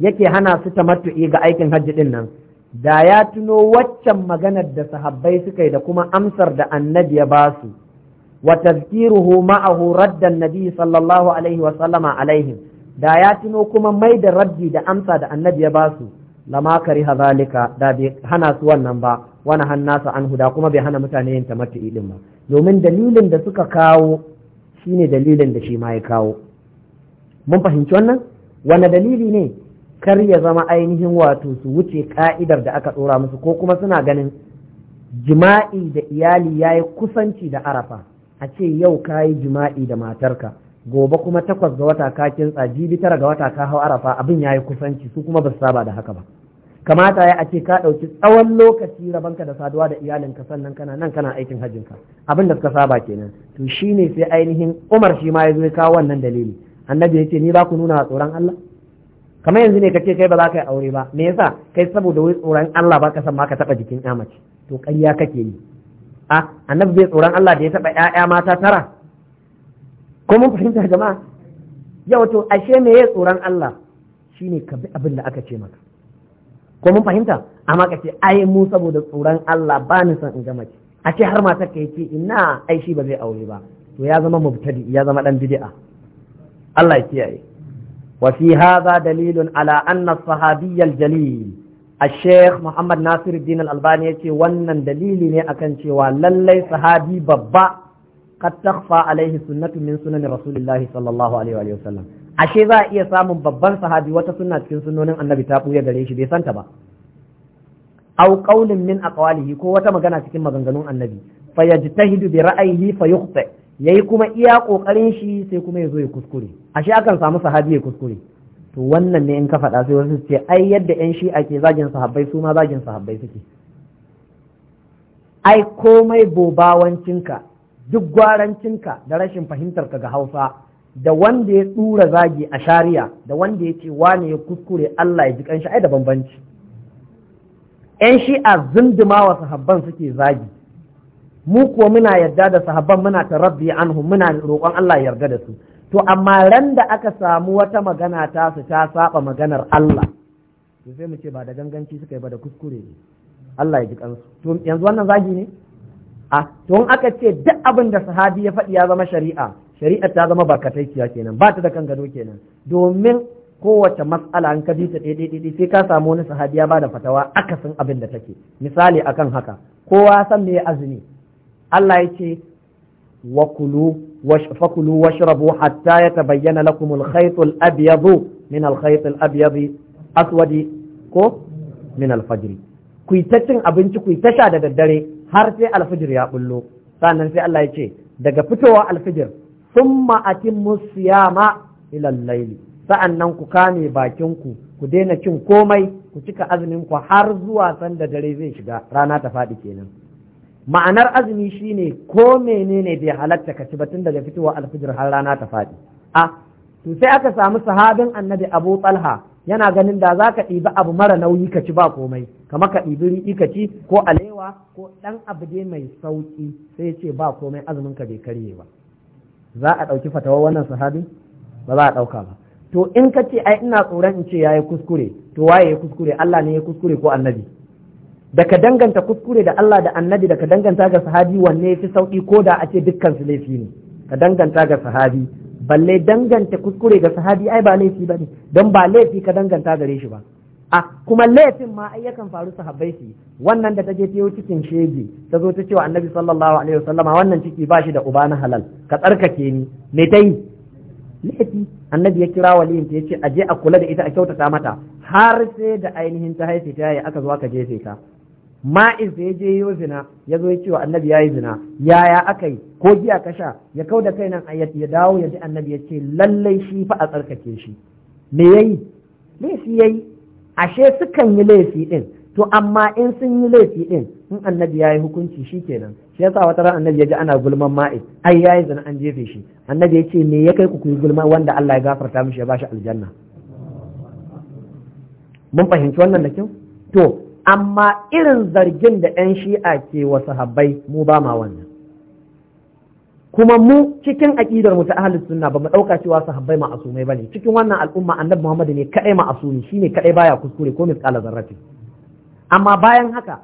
yake hana su tamattu'i ga aikin hajji ɗin da ya tuno waccan maganar da sahabbai suka da kuma amsar da annabi ya ba su wa tazkiruhu ma'ahu raddan nabi sallallahu alaihi wa sallama alaihim da ya tuno kuma mai da raddi da amsa da annabi ya basu lama kariha zalika da bai hana su wannan ba wani hannasa an huda kuma bai hana mutane yin tamattu'i din ba domin dalilin da suka kawo shine dalilin da shi ma ya kawo mun fahimci wannan wani dalili ne kar ya zama ainihin wato su wuce ka'idar da aka tsora musu ko kuma suna ganin jima'i da iyali ya yi kusanci da arafa a ce yau ka yi jima'i da matarka gobe kuma takwas ga wata ka kintsa jibi tara ga wata ka hau arafa abin ya yi kusanci su kuma ba su saba da haka ba kamata ya a ce ka ɗauki tsawon lokaci rabanka da saduwa da iyalinka sannan kana nan kana aikin hajjinka abin da suka saba kenan to shi ne sai ainihin umar shi ma ya zo kawo wannan dalili annabi ya ce ni ba ku nuna tsoron Allah kamar yanzu ne ka ce kai ba za ka yi aure ba me yasa kai saboda wai tsoron Allah ba ka san ma ka taɓa jikin ya mace to ƙarya kake yi a annabi bai tsoron Allah da ya taba yaya mata tara ko mun fahimta jama'a yau to ashe me ya tsoron Allah Shi ka bi abin da aka ce maka ko mun fahimta amma ka ce ai mu saboda tsoron Allah ba ni son in ga mace a ce har mata ka yace ina ai shi ba zai aure ba to ya zama mubtadi ya zama dan bid'a Allah ya kiyaye wa fi hadha dalilun ala anna sahabiyyal jalil a sheikh muhammad nasiru din albani ya ce wannan dalili ne akan cewa lallai sahabi babba kad takhfa alaihi sunnatu min sunan rasulillahi sallallahu alaihi wa sallam ashe za a iya samun babban sahabi wata sunna cikin sunnonin annabi ta buya gare shi bai santa ba aw qaulin min aqwalihi ko wata magana cikin maganganun annabi fayajtahidu bi ra'ayihi fayukhta yayi kuma iya kokarin shi sai kuma yazo ya kuskure ashe akan samu sahabi ya kuskure to wannan ne in ka faɗa sai wasu ce ai yadda yan shi'a ke zagin sahabbai su ma zagin sahabbai suke ai komai bobawancinka duk gwarancinka da rashin fahimtar ka ga hausa da wanda ya tsura zagi a shari'a da wanda ya ce wane ya kuskure Allah ya ji kanshi ai da bambanci yan shi'a zunduma wa sahabban suke zagi mu kuwa muna yarda da sahabban muna ta tarabbi anhu muna roƙon Allah ya yarda da su to amma ran da aka samu wata magana ta su ta saba maganar Allah to sai mu ce ba da ganganci suka yi ba da kuskure ne Allah ya ji kansu to yanzu wannan zagi ne a to in aka ce duk abin da sahabi ya faɗi ya zama shari'a shari'a ta zama barkatacciya kenan ba ta da kan gado kenan domin kowace matsala an ka bi ta daidai sai ka samu wani sahabi ya bada fatawa akasin abin da take misali akan haka kowa san me ya azumi Allah ya ce wa kulu fakulu washrabu hatta yatabayyana lakum al-khayt al-abyad min al-khayt aswadi ko min al-fajr ku ta cin abinci ku ta sha da daddare har sai alfijir ya bullo sannan sai Allah ya ce daga fitowa alfijir summa atimmu siyama ila al-layl sa'annan ku kame bakin ku ku daina cin komai ku cika azumin ku har zuwa sanda dare zai shiga rana ta faɗi kenan ma'anar azumi shine ko menene bai halatta ka ci batun daga fitowa alfijir har rana ta faɗi a to sai aka samu sahabin annabi abu talha yana ganin da za ka ɗibi abu mara nauyi ka ci ba komai kamar ka ɗibi riɗi ka ci ko alewa ko ɗan abu dai mai sauƙi sai ce ba komai azumin ka bai karye ba za a ɗauki fatawa wannan sahabi ba za a ɗauka ba to in ka ce ai ina tsoron in ce ya yi kuskure to waye ya kuskure Allah ne ya kuskure ko annabi da ka danganta kuskure da Allah da annabi da ka danganta ga sahabi wanne ya fi sauki ko da a ce dukkan su laifi ne ka danganta ga sahabi balle danganta kuskure ga sahabi ai ba laifi ba ne don ba laifi ka danganta gare shi ba a kuma laifin ma ai faru sahabbai su wannan da ta je ta cikin shege ta zo ta cewa annabi sallallahu alaihi wasallama wannan ciki ba shi da uba na halal ka tsarkake ni me ta yi laifi annabi ya kira waliyin ta yace aje a kula da ita a kyautata mata har sai da ainihin ta haife ta yayi aka zo aka jefe ka ma'iz da ya je yi zina ya zo ya ce wa annabi ya yi zina yaya aka yi ko giya ka sha ya kau da kai nan ya dawo ya ji annabi ya ce lallai shi fa a tsarkake shi me ya yayi laifi yi? ashe sukan yi laifi din to amma in sun yi laifi din in annabi ya yi hukunci shi kenan shi ya sa wata ran annabi ya ji ana gulman ma'i ai yi zina an jefe shi annabi ya ce me ya kai ku kuyi gulma wanda Allah ya gafarta mishi ya ba shi aljanna mun fahimci wannan da kyau to amma irin zargin da 'yan shi'a ke wasu habbai mu ba ma wannan kuma mu cikin aƙidar mu ta ahlus sunna ba mu ɗauka cewa sahabbai ma'asumai ne cikin wannan al'umma annabi Muhammadu ne kaɗai ma'asumi shine kadai baya kuskure ko misqala zarratin amma bayan haka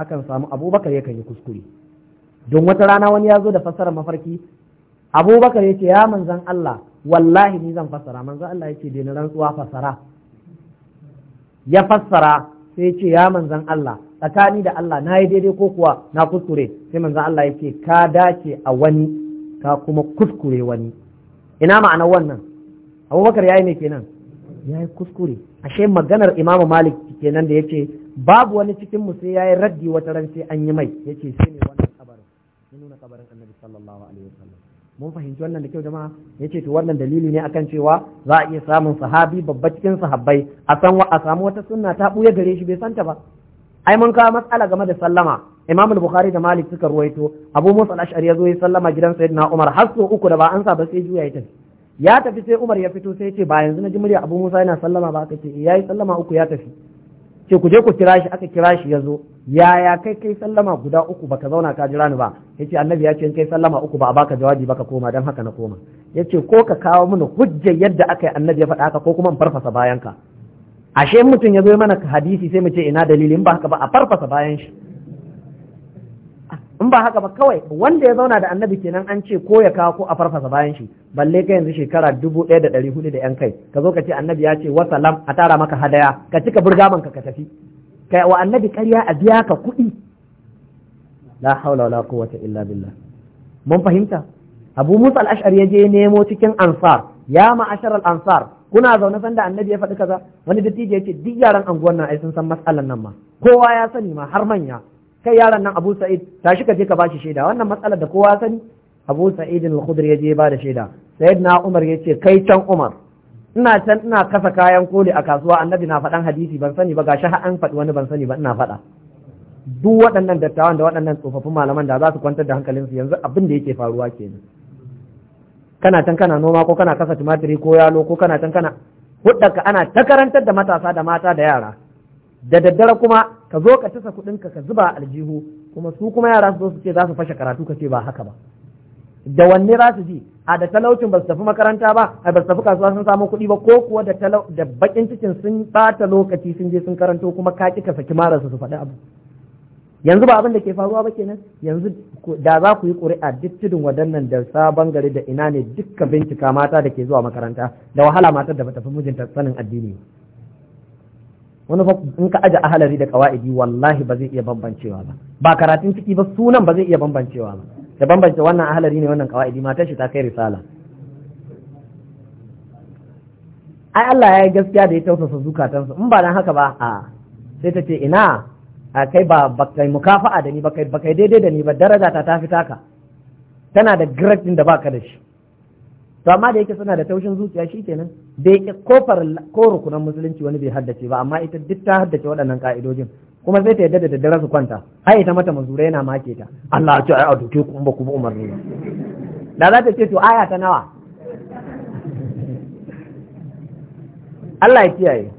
hakan samu Abubakar yakan yi kuskure don wata rana wani ya zo da fassarar mafarki Abubakar ya ce ya manzan Allah wallahi ni zan fassara manzan Allah ya ce da ni rantsuwa fassara ya fassara sai ce ya manzan Allah tsakani da Allah na yi daidai ko kuwa na kuskure sai manzan Allah ya ce ka dace a wani ka kuma kuskure wani ina ma'anar wannan abubakar ya yi ne kenan ya yi kuskure ashe maganar imamu malik kenan da ya ce babu wani cikin mu sai ya yi raddi wata ran sai an yi mai ya ce sai ne wannan kabarin ya nuna kabarin annabi sallallahu alaihi mun fahimci wannan da kyau jama'a ce to wannan dalili ne akan cewa za a iya samun sahabi babba cikin sahabbai a san a samu wata sunna ta buya gare shi bai santa ba ai mun kawo matsala game da sallama Imamul Bukhari da Malik suka ruwaito Abu Musa al-Ash'ari ya zo ya sallama gidan Sayyidina Umar har so uku da ba an sa ba sai juya ya tafi ya tafi sai Umar ya fito sai ya ce ba yanzu na ji murya Abu Musa yana sallama ba aka ce eh, yayi sallama uku ya tafi ce ku je ku kira shi aka kira shi ya zo yaya kai kai sallama guda uku baka zauna ka jira ni ba yace annabi ya ce kai sallama uku ba a baka jawabi baka koma dan haka na koma yace ko ka kawo mana hujjar yadda aka yi annabi ya faɗa haka ko kuma in farfasa bayan ka ashe mutum ya zo mana hadisi sai mu ce ina dalilin ba haka ba a farfasa bayan shi in ba haka ba kawai wanda ya zauna da annabi kenan an ce ko ya kawo ko a farfasa bayan shi balle ka yanzu shekara dubu ɗaya da ɗari hudu da yan kai ka zo ka ce annabi ya ce wa salam a tara maka hadaya ka cika burga ka ka tafi ka wa annabi karya a biya ka kuɗi la haula wala quwwata illa billah mun fahimta abu musa al-ash'ari ya je nemo cikin ansar ya ma'ashar al-ansar kuna zaune sanda annabi ya faɗi kaza wani dattijo ya ce duk yaran anguwan nan ai sun san matsalar nan ma kowa ya sani ma har manya kai yaron nan Abu Sa'id tashi ka je ka bashi shaida wannan matsalar da kowa sani Abu Sa'id al-Khudri ya je ba da shaida Sayyidina Umar ya ce kai can Umar ina can ina kasa kayan koli a kasuwa annabi na faɗan hadisi ban sani ba gashi an faɗi wani ban sani ba ina faɗa duk waɗannan dattawan da waɗannan tsofaffin malaman da za su kwantar da hankalinsu yanzu abin da yake faruwa kenan kana can kana noma ko kana kasa tumatiri ko yalo ko kana can kana ka ana ta karantar da matasa da mata da yara da daddare kuma ka zo ka tasa kuɗin ka ka zuba aljihu kuma su kuma yara su zo su ce za su fashe karatu ka ce ba haka ba da wanne za su ji a da talaucin ba su tafi makaranta ba a ba su tafi kasuwa sun samu kuɗi ba ko kuwa da bakin cikin sun bata lokaci sun je sun karanto kuma ka ki ka saki mararsa su faɗi abu yanzu ba abin da ke faruwa ba kenan yanzu da za ku yi ƙuri'a duk tudun waɗannan da sabon gari da ina ne dukka bincika mata da ke zuwa makaranta da wahala matar da ta fi mijinta sanin addini ba wani fa in ka aje ahalari da kawaidi wallahi ba zai iya bambancewa ba ba karatun ciki ba sunan ba zai iya bambancewa ba da bambance wannan ahalari ne wannan kawaidi matar shi ta kai risala ai Allah ya yi gaskiya da ya tausasa zukatansu in ba dan haka ba a sai ta ce ina a kai ba bakai mukafa'a da ni ba kai daidai da ni ba daraja ta tafi taka tana da grade din da baka da shi to amma da yake suna da taushin zuciya shikenan da yake kofar ko rukunan musulunci wani bai haddace ba amma ita duk ta haddace waɗannan ka'idojin kuma sai ta yadda da daddare su kwanta har ita mata mazura yana make ta Allah ya ce ai a duke ku ba ku bi umarni da za ta ce to aya ta nawa Allah ya kiyaye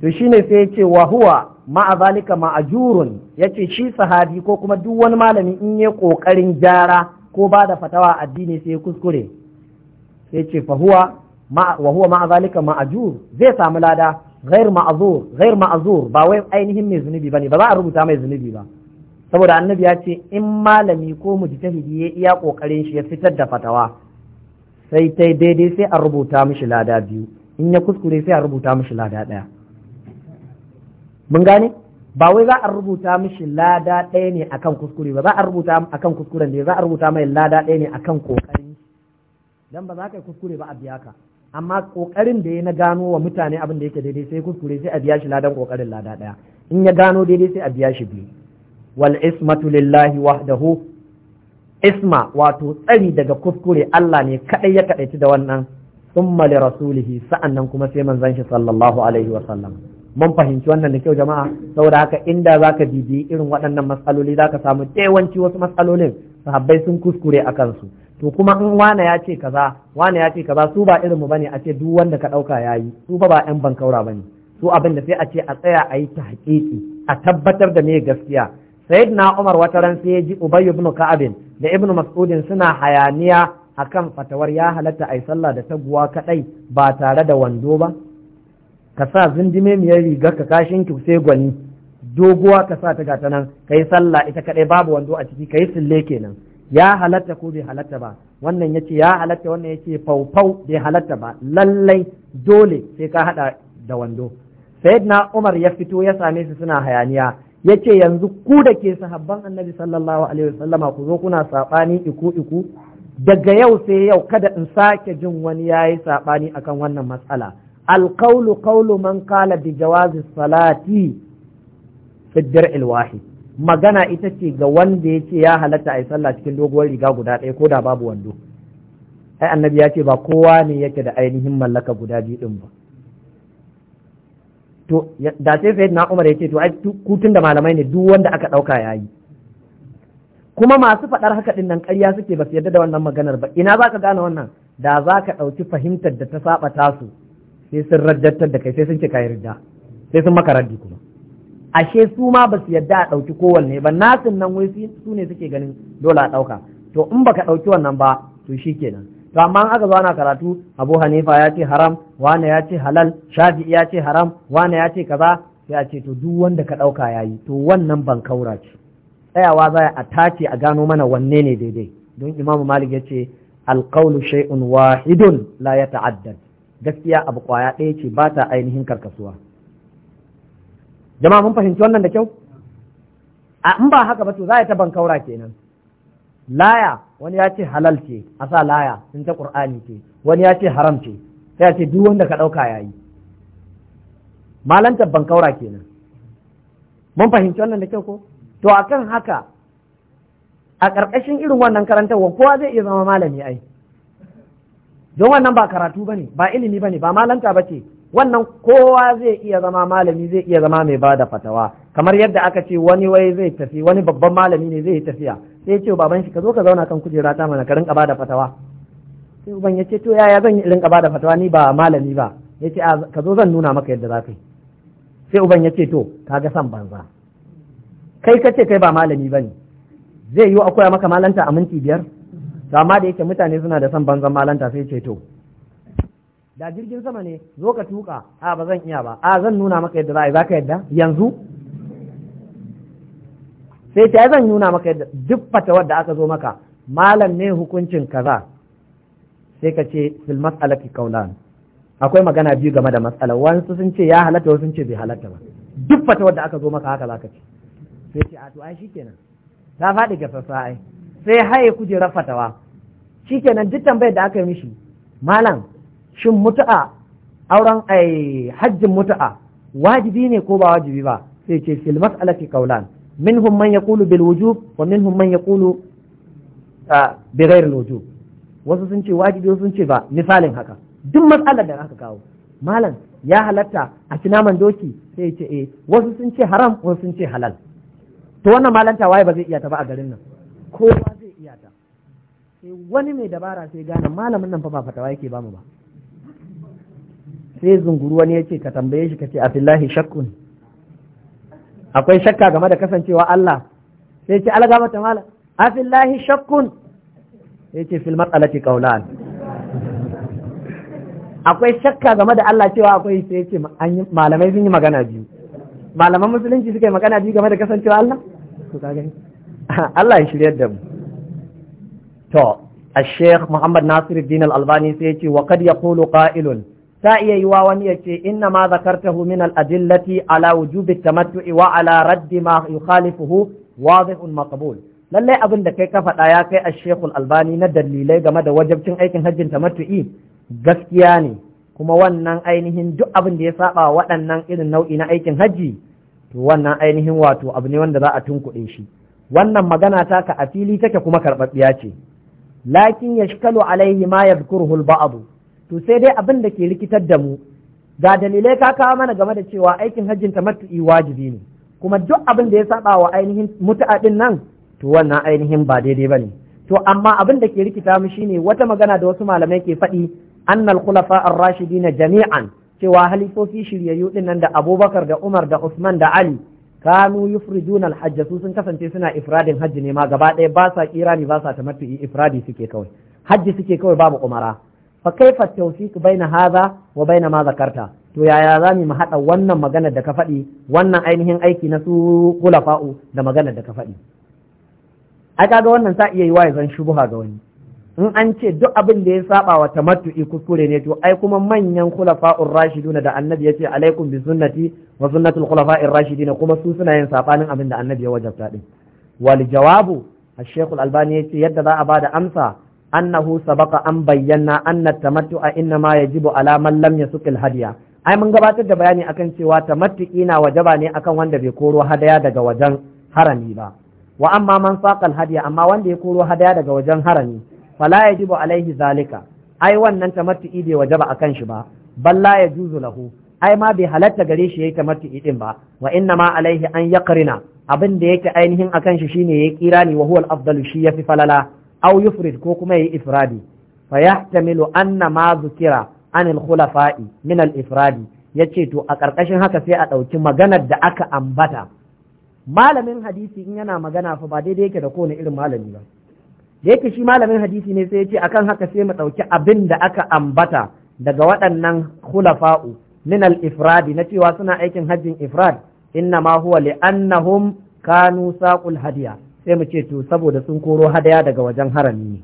to shine sai ya ce wa huwa ma'a zalika ma'ajurun yace shi sahabi ko kuma duk wani malami in ya kokarin gyara. ko ba da fatawa addini sai ya kuskure sai ce fa huwa ma wa huwa ma zalika zai samu lada ghair ma'zur ghair ma'zur ba wai ainihin mai zunubi bane ba za a rubuta mai zunubi ba saboda annabi ya ce in malami ko mujtahidi ya iya kokarin shi ya fitar da fatawa sai tai daidai sai a rubuta mishi lada biyu in ya kuskure sai a rubuta mishi lada daya mun gane ba wai za a rubuta mishi lada ɗaya ne akan kuskure ba za a rubuta akan kuskuren da za a rubuta mai lada ɗaya ne akan kokarin dan ba za ka yi kuskure ba a biya ka amma kokarin da ya na gano wa mutane abin da yake daidai sai kuskure sai a biya shi ladan kokarin lada ɗaya in ya gano daidai sai a biya shi biyu wal ismatu lillahi wahdahu isma wato tsari daga kuskure Allah ne kadai ya kadaici da wannan thumma li rasulihi sa'annan kuma sai manzon shi sallallahu alaihi wa sallam mun fahimci wannan da kyau jama'a saboda haka inda zaka bibiyi irin waɗannan matsaloli zaka samu yawanci wasu matsalolin sahabbai sun kuskure a kansu to kuma in wane ya ce kaza wane ya ce kaza su ba irin mu bane a ce duk wanda ka ɗauka yayi su ba ba yan bankaura bane su abin da sai a ce a tsaya a yi tahqiqi a tabbatar da me gaskiya na Umar wata ran sai ya ji Ubay ibn Ka'ab da ibn Mas'udin suna hayaniya akan fatawar ya halatta ai sallah da taguwa kaɗai ba tare da wando ba ka sa zindime miyar riga ka kashin ki sai gwani doguwa ka sa ta gata nan ka sallah ita kaɗai babu wando a ciki ka yi sille kenan ya halatta ko bai halatta ba wannan yace ya halatta wannan yace faufau bai halatta ba lallai dole sai ka haɗa da wando sayyidina Umar ya fito ya same su suna hayaniya yace yanzu ku da ke sahabban Annabi sallallahu alaihi wasallama ku zo kuna saɓani iku iku daga yau sai yau kada in sake jin wani yayi saɓani akan wannan matsala alƙaulu ƙaulu man kala bi jawazi salati fi dir'il wahid magana ita ce ga wanda ya ce ya halatta a yi cikin doguwar riga guda ɗaya ko da babu wando ai annabi ya ce ba kowa ne yake da ainihin mallaka guda biyu ba to da sai sai umar ya ce ai kutun da malamai ne duk wanda aka ɗauka ya yi kuma masu faɗar haka ɗin nan suke basu yarda da wannan maganar ba ina za ka gane wannan da za ka ɗauki fahimtar da ta saba tasu sai sun raddatar da kai sai sun ce ka ridda sai sun maka raddi kuma ashe su ma ba su yadda a ɗauki kowanne ba nasin nan wai su ne suke ganin dole a ɗauka to in baka ɗauki wannan ba to shi kenan to amma aka zo ana karatu abu hanifa ya ce haram wane ya ce halal shafi'i ya ce haram wane ya ce kaza sai a ce to duk wanda ka ɗauka ya yi to wannan ban kaura ce tsayawa za a tace a gano mana wanne ne daidai don imamu malik ya ce alƙaulu shay'un wahidun la ya ta'addad gaskiya abu kwaya ɗaya ce ba ta ainihin karkasuwa jama'a mun fahimci wannan da kyau a in ba haka ba to za a ta kaura kenan laya wani ya ce halal ce a sa laya in ta qur'ani ce wani ya ce haram ce sai ya ce duk wanda ka ɗauka ya yayi malantar kaura kenan mun fahimci wannan da kyau ko to akan haka a ƙarƙashin irin wannan karantarwa kowa zai iya zama malami ai don wannan ba karatu bane ba ilimi bane ba malanta bace wannan kowa zai iya zama malami zai iya zama mai bada fatawa kamar yadda aka ce wani wai zai tafi wani babban malami ne zai yi tafiya sai ya ce baban shi ka zo ka zauna kan kujera ta mana ka rinka da fatawa sai uban ya ce to yaya zan rinka da fatawa ni ba malami ba ya ce ka zo zan nuna maka yadda za ka yi sai uban ya ce to kaga san banza kai ka ce kai ba malami ba ne zai yi wa akwai maka malanta a minti biyar da amma da yake mutane suna da son banzan malanta sai ce to da jirgin sama ne zo ka tuka a ba zan iya ba a zan nuna maka yadda za a yi za ka yadda yanzu sai ta zan nuna maka yadda duk fata wadda aka zo maka malam ne hukuncin kaza sai ka ce fil mas'alati qawlan akwai magana biyu game da mas'ala wasu sun ce ya halatta wasu sun ce bai halatta ba duk fata wadda aka zo maka haka zaka ce sai ce a to ai shikenan ta faɗi ga sassa ai sai haye kujerar fatawa shikenan duk tambayar da aka yi mishi malam shin mutu'a auren ai eh, hajjin mutu'a wajibi ne ko ba wajibi ba sai ce fil mas'alati qawlan minhum man yaqulu bil wujub wa minhum man yaqulu bi ghairi al wujub wasu sun ce wajibi wasu sun ce ba misalin haka duk matsalar da aka kawo malam ya halatta a cinaman naman doki sai ce eh wasu sun ce haram wasu sun ce halal to wannan malanta waye ba zai iya ta ba a garin nan kowa iyata sai wani mai dabara sai gane malamin nan fa ba fatawa yake bamu ba sai zunguru wani yake ka tambaye shi kace afillahi shakkun akwai shakka game da kasancewa Allah sai ce algama ta mala afillahi shakkun sai ce fil matsalati qaulan akwai shakka game da Allah cewa akwai sai ce malamai sun yi magana biyu malaman musulunci suka yi magana biyu game da kasancewa Allah to ka gani Allah ya shiryar da mu to الشيخ محمد ناصر الدين الألباني سيتي وقد يقول قائل سأي وانيتي إنما ذكرته من الأدلة على وجوب التمتع وعلى رد ما يخالفه واضح مقبول lallai abin da kai ka faɗa ya kai a shekul albani na dalilai game da wajabcin aikin hajjin tamattu'i gaskiya ne kuma wannan ainihin duk abin da ya saba waɗannan irin nau'i na aikin hajji to wannan ainihin wato abu ne wanda za a tunkuɗe shi wannan magana taka a fili take kuma karɓaɓɓiya ce lakin yashkalu alaihi ma yadhkuruhu al-ba'd to sai dai abin da ke rikitar da mu ga dalilai ka kawo mana game da cewa aikin hajjin tamattu'i wajibi ne kuma duk abin da ya saba wa ainihin mutu'a din nan to wannan ainihin ba daidai bane to amma abin da ke rikita mu shine wata magana da wasu malamai ke faɗi annal khulafa ar-rashidin jami'an cewa halifofi shiryayyu din nan da Abubakar da Umar da Usman da Ali kanu yufrijun alhajj su sun kasance suna ifradin hajji ne ma gaba ɗaya ba sa kirani ba sa ifradi suke kawai hajji suke kawai babu umara fa kaifa tawfiq baina hadha wa baina ma zakarta to yaya za mu haɗa wannan maganar da ka faɗi wannan ainihin aiki na su kulafa'u da maganar da ka faɗi ai kaga wannan sa iya yi wa yanzu shubuha ga wani in an ce duk abin da ya saɓa wa tamattu'i kuskure ne to ai kuma manyan khulafa'ur na da annabi yace alaikum bi sunnati wa sunnatul khulafa'ir rashidina kuma su suna yin sabanin abin da annabi ya wajabta din wal jawabu ash Albani ya ce yadda za a ba da amsa annahu sabaqa an bayyana anna tamattu'a inna ma yajibu ala man lam yasuqil hadiya ai mun gabatar da bayani akan cewa tamattu'i na ba ne akan wanda bai koro hadaya daga wajen harami ba wa amma man saqal hadiya amma wanda ya koro hadaya daga wajen harami fala yajibu alaihi zalika ai wannan tamattu'i bai wajaba akan shi ba balla ya juzu lahu ai ma bai halatta gare shi yayi tamattu'i din ba wa inna ma alaihi an yaqrina abin da yake ainihin akan shi shine yayi kirani wa huwa al-afdalu shi yafi falala aw yufrid ko kuma yayi ifradi fa yahtamilu anna ma zukira an al-khulafa'i min al-ifradi yace to a karkashin haka sai a dauki maganar da aka ambata malamin hadisi in yana magana fa ba daidai yake da kowane irin malami ba da yake shi malamin hadisi ne sai ya ce akan haka sai mu ɗauki abin da aka ambata daga waɗannan khulafa'u min al-ifradi na cewa suna aikin hajjin ifrad inna ma huwa Annahum kanu saqul hadiya sai mu ce to saboda sun koro hadaya daga wajen harami ne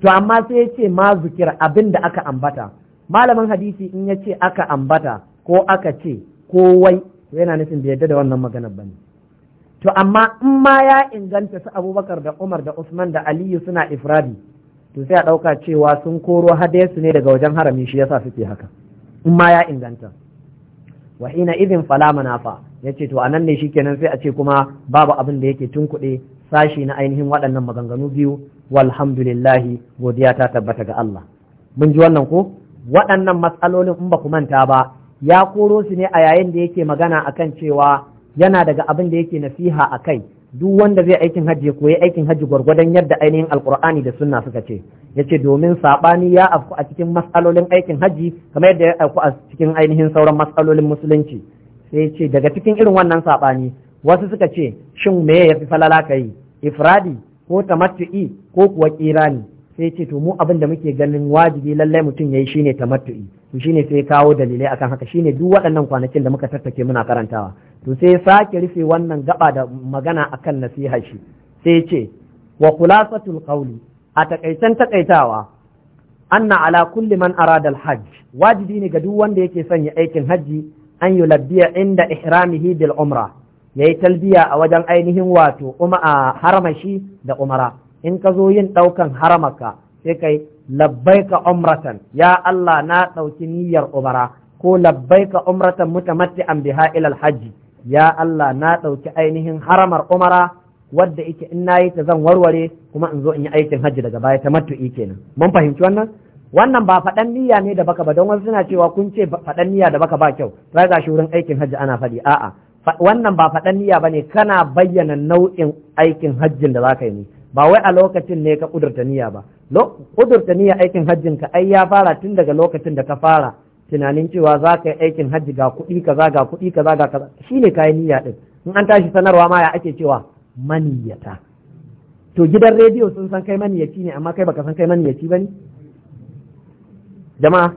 to amma sai ya ce ma zukira abin da aka ambata malamin hadisi in ya ce aka ambata ko aka ce ko wai yana nufin da yadda da wannan maganar bane to amma in ma ya inganta su abubakar da umar da usman da aliyu suna ifradi to sai a ɗauka cewa sun koro hadayensu ne daga wajen harami shi yasa suke haka in ma ya inganta wa idin fala manafa ya ce to a nan ne shi kenan sai a ce kuma babu abin da yake tunkuɗe sashi na ainihin waɗannan maganganu biyu walhamdulillahi godiya ta tabbata ga Allah mun ji wannan ko waɗannan matsalolin in ba ku manta ba ya koro su ne a yayin da yake magana akan cewa yana daga abin da yake nasiha a kai duk wanda zai aikin hajji ya koyi aikin hajji gwargwadon yadda ainihin alkur'ani da sunna suka ce Ya ce domin saɓani ya afku a cikin matsalolin aikin hajji kamar yadda ya afku a cikin ainihin sauran matsalolin musulunci sai ce daga cikin irin wannan saɓani wasu suka ce shin me ya fi falala kai ifradi ko tamattu'i ko kuwa kirani sai ce to mu abin da muke ganin wajibi lallai mutum ya yi shine tamattu'i shine sai kawo dalilai akan haka shine duk waɗannan kwanakin da muka tattake muna karantawa to sai sake rufe wannan gaba da magana akan nasiha shi sai ya ce wa khulasatul qawli a takaitan takaitawa anna ala kulli man arada al-hajj wajibi ne ga duk wanda yake son ya aikin hajji an yulabbiya inda ihramihi bil umra yayi talbiya a wajen ainihin wato kuma a haramashi da umara in ka zo yin daukan haramaka sai kai labbaika umratan ya Allah na dauki niyyar umara ko labbaika umratan mutamatti'an biha ila al-hajj ya Allah na ɗauki ainihin haramar umara wadda ita in na yi ta zan warware kuma in zo in yi aikin hajji daga baya ta matu'i kenan mun fahimci wannan wannan ba faɗan niyya ne da baka ba don wasu suna cewa kun ce faɗan niyya da baka ba kyau sai ga shi wurin aikin hajji ana faɗi a'a wannan ba faɗan niyya bane kana bayyana nau'in aikin hajjin da zaka yi ne ba wai a lokacin ne ka kudurta niyya ba kudurta niyya aikin hajjin ka ai ya fara tun daga lokacin da ka fara tunanin cewa za ka yi aikin hajji ga kuɗi kaza ga kuɗi kaza ga kaza ne kayan niyya din in an tashi sanarwa ma ya ake cewa maniyyata to gidan rediyo sun san kai maniyyaci ne amma kai baka san kai maniyyaci ba ne jama'a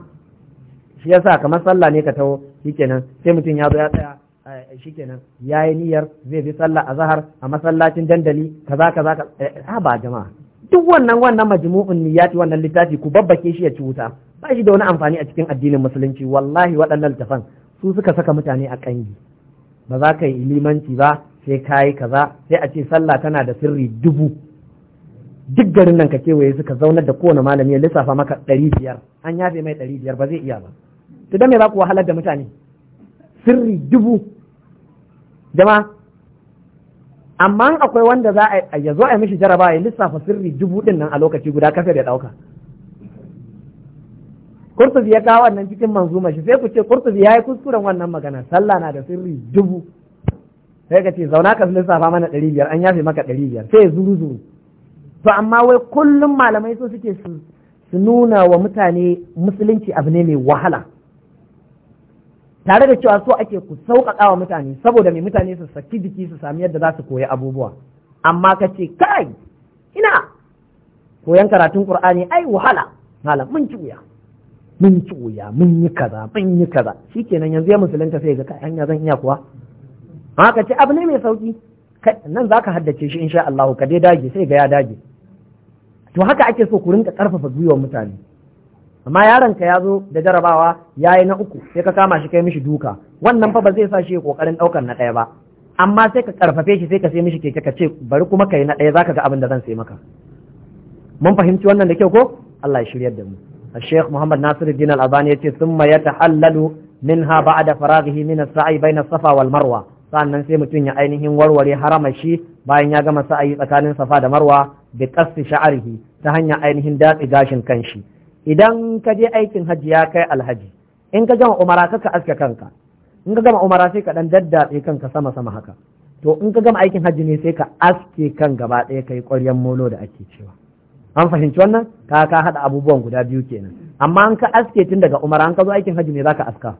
shi yasa kamar sallah ne ka taho shikenan sai mutum ya zo ya tsaya eh, shikenan yi niyyar zai bi sallah a zahar a masallacin dandali kaza kaza eh, ha ba jama'a duk wannan wannan majmu'un ci wannan littafi ku babbake shi ya ci wuta ba shi da wani amfani a cikin addinin musulunci wallahi waɗannan littafan su suka saka mutane a kangi ba za ka yi limanci ba sai kayi kaza sai a ce sallah tana da sirri dubu duk garin nan ka kewaye suka zaunar da kowane malami ya lissafa maka ɗari biyar an yafe mai ɗari biyar ba zai iya ba to dan me za ku wahalar da mutane sirri dubu jama'a amma akwai wanda za a ya zo a mishi jaraba ya lissafa sirri dubu din nan a lokaci guda kafir ya dauka kurtubi ya kawo wannan cikin manzuma shi sai ku ce kurtubi ya yi kuskuren wannan magana sallah na da sirri dubu sai ka ce zauna ka lissafa mana ɗari biyar an yafe maka ɗari biyar sai zuru zuru to amma wai kullum malamai so suke su nuna wa mutane musulunci abu ne mai wahala tare da cewa so ake ku sauƙaƙa wa mutane saboda mai mutane su saki jiki su sami yadda za su koyi abubuwa amma ka ce kai ina koyan karatun qur'ani ai wahala malam mun ci wuya mun ci wuya mun yi kaza mun yi kaza shikenan yanzu ya musulunta sai ga hanya zan iya kuwa ka ce abu ne mai sauki nan zaka haddace shi insha Allah ka dai dage sai ga ya dage to haka ake so ku rinka karfafa gwiwar mutane amma yaron ka ya zo da jarabawa ya yi na uku sai ka kama shi kai mishi duka wannan fa ba zai sa shi kokarin ɗaukar na ɗaya ba amma sai ka karfafe shi sai ka sai mishi keke ka ce bari kuma kai na ɗaya zaka ga abin da zan sai maka mun fahimci wannan da kyau ko Allah ya shiryar da mu Muhammad الشيخ محمد ناصر الدين الألباني ثم يتحلل منها بعد فراغه من السعي safa wal marwa. sannan sai mutum ya ainihin warware harama shi bayan ya gama sa'ayi tsakanin safa da marwa bi qasti sha'arihi ta hanyar ainihin datsi gashin kanshi idan ka je aikin hajji ya kai alhaji in ka gama umara ka aske kanka in ka gama umara sai ka dan daddatse kanka sama sama haka to in ka gama aikin hajji ne sai ka aske kan gaba ɗaya kai ƙwaryen molo da ake cewa an fahimci wannan ka ka haɗa abubuwan guda biyu kenan amma an ka aske tun daga umara an ka zo aikin hajji ne zaka aska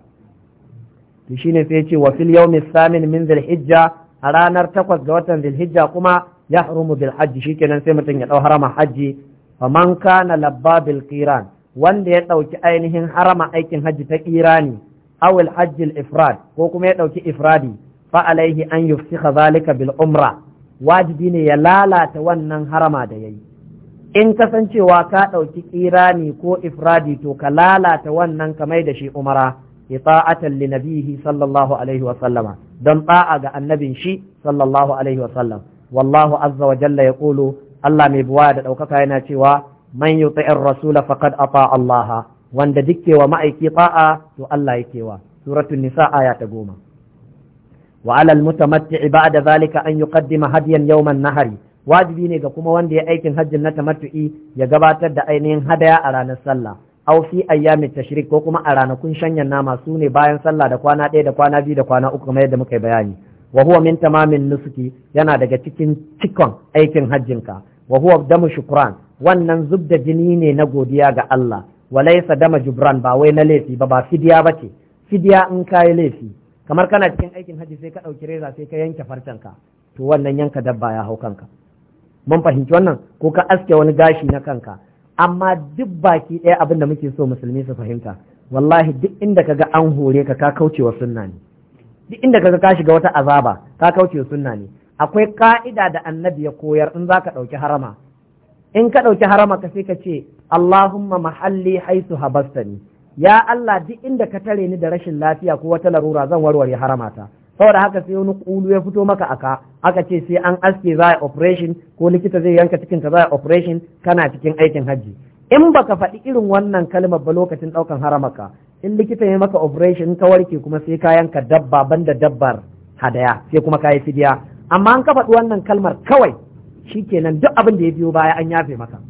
to shine sai ya ce wa fil yawmi samin min zulhijja a ranar takwas ga watan hijja kuma ya bil hajji shikenan sai mutum ya ɗau harama hajji faman kana labba qiran wanda ya ɗauki ainihin harama aikin hajji ta qirani awil hajjil ifrad ko kuma ya ɗauki ifradi fa alaihi an yufsiha zalika bil umra wajibi ne ya lalata wannan harama da yayi in kasancewa ka ɗauki ƙirani ko ifradi to ka lalata wannan kamar da shi umara ita'atan li nabihi sallallahu alaihi wa sallama don ba'a ga annabin shi sallallahu alaihi wa sallam wallahu azza wa jalla yaqulu Allah mai buwa da ɗaukaka yana cewa man yuti'ir rasula faqad ata Allah wanda dukke wa ma'aiki fa'a to Allah yake wa Suratun nisa aya ta goma wa alal mutamatti'i da zalika an yuqaddima hadiyan yawman nahari wajibi ne ga kuma wanda ya aikin hajjin na tamattu'i ya gabatar da ainihin hadaya a ranar sallah aw fi ayyami tashrik ko kuma a ranakun shanyan nama su ne bayan sallah da kwana ɗaya da kwana biyu da kwana uku kamar yadda muka bayani wa huwa min tamamin nusuki yana daga cikin cikon aikin hajjinka wa huwa damu shukran wannan zub da jini ne na godiya ga Allah walaisa dama jubran ba wai na laifi ba ba fidiya ba ce fidiya in ka yi laifi kamar kana cikin aikin haji sai ka ɗauki reza sai ka yanke farcenka to wannan yanka dabba ya hau kanka mun fahimci wannan ko ka aske wani gashi na kanka amma duk baki ɗaya abin da muke so musulmi su fahimta wallahi duk inda kaga an hore ka ka kaucewa sunna ne duk inda kaga ka shiga wata azaba ka kaucewa sunna ne akwai ka'ida da annabi ya koyar in za ka ɗauki harama in ka ɗauki harama ka sai ka ce Allahumma mahalli haisu habastani ya Allah duk inda ka tare ni da rashin lafiya ko wata larura zan warware haramata saboda haka sai wani kulu ya fito maka aka aka ce sai an aske za a operation ko likita zai yanka cikin ka za a operation kana cikin aikin hajji in baka faɗi irin wannan kalmar ba lokacin ɗaukan haramaka in likita ya maka operation ka warke kuma sai ka yanka dabba da dabbar hadaya sai kuma ka yi fidiya amma an ka faɗi wannan kalmar kawai shi kenan duk abin da ya biyo baya an yafe maka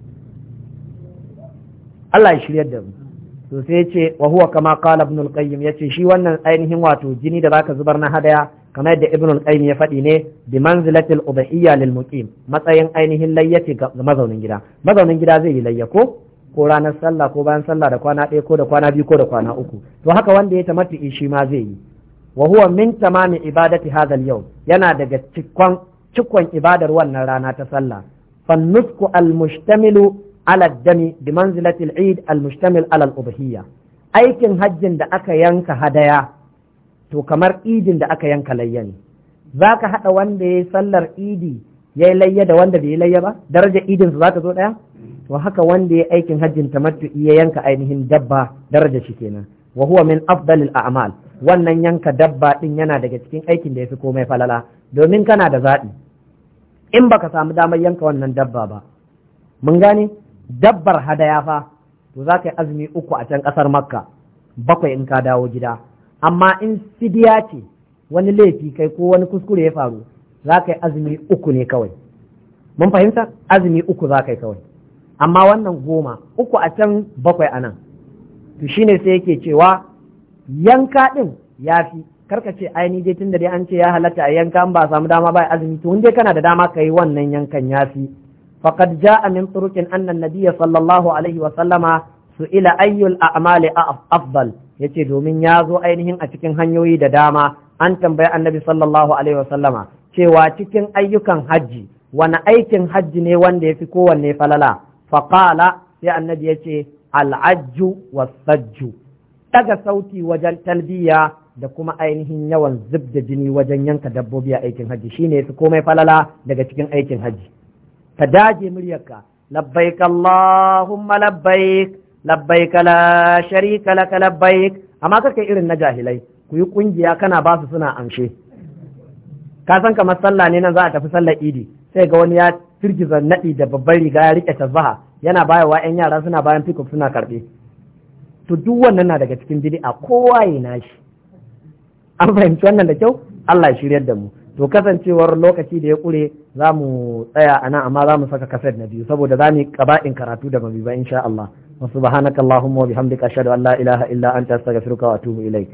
Allah ya shiryar da mu to sai ya ce wa huwa kama qala ibn qayyim ya ce shi wannan ainihin wato jini da zaka zubar na hadaya kamar yadda ibn qayyim ya faɗi ne bi manzilatil ubahiyya lil muqim matsayin ainihin layyati ga mazaunin gida mazaunin gida zai yi layya ko ko ranar sallah ko bayan sallah da kwana ɗaya ko da kwana biyu ko da kwana uku to haka wanda ya tamatti shi ma zai yi Wahuwa huwa min tamami ibadati hadha al yana daga cikon cikon ibadar wannan rana ta sallah fan nusku al-mushtamilu ala dami ubhiyya aikin hajjin da aka yanka hadaya to kamar idin da aka yanka layyani, ne zaka haɗa wanda yayi sallar idi yayi layya da wanda bai layya ba daraja idin su zaka zo ɗaya? to haka wanda yayi aikin hajjin tamattu ya yanka ainihin dabba daraja shi kenan wa huwa min afdalil a'mal wannan yanka dabba ɗin yana daga cikin aikin da ya fi komai falala domin kana da zaɓi in baka samu damar yanka wannan dabba ba mun gane dabbar hadaya fa to za ka yi azumi uku a can ƙasar makka bakwai in ka dawo gida amma in sidiya ce wani laifi kai ko wani kuskure ya faru za ka yi azumi uku ne kawai mun fahimta azumi uku za ka yi kawai amma wannan goma uku a can bakwai a nan to shine sai yake cewa yanka din fi. karka ce ai ni dai da dai an ce ya halatta a yanka ba samu dama ba azumi to dai kana da dama yi wannan yankan ya fi? faqad jaa min turukin anna nabiyya sallallahu alaihi wa sallama su ila ayyul a'mali afdal yace domin ya zo ainihin a cikin hanyoyi da dama an tambayi annabi sallallahu alaihi wa sallama cewa cikin ayyukan hajji wani aikin hajji ne wanda ya fi kowanne falala faqala sai annabi yace al'ajju was sajju ɗaga sauti wajen talbiya da kuma ainihin yawan zub da jini wajen yanka dabbobi a aikin hajji ne su komai falala daga cikin aikin hajji ka daje muryarka labbaik allahumma labbaik labbaik la sharika laka labbaik amma kake irin na jahilai ku yi kungiya kana ba su suna amshe ka san kamar sallah ne nan za a tafi sallar idi sai ga wani ya firgiza naɗi da babbar riga ya riƙe tasbaha yana bayawa 'yan yara suna bayan fikuf suna karɓe to duk wannan na daga cikin bid'a kowa ya nashi an fahimci wannan da kyau Allah ya shiryar da mu to kasancewar lokaci da ya kure za mu tsaya a nan amma za mu saka kaset na biyu saboda za mu yi kaba'in karatu da mabiba insha Allah wa subhanakallahumma wa bihamdika ashhadu an la ilaha illa anta astaghfiruka wa atubu ilaik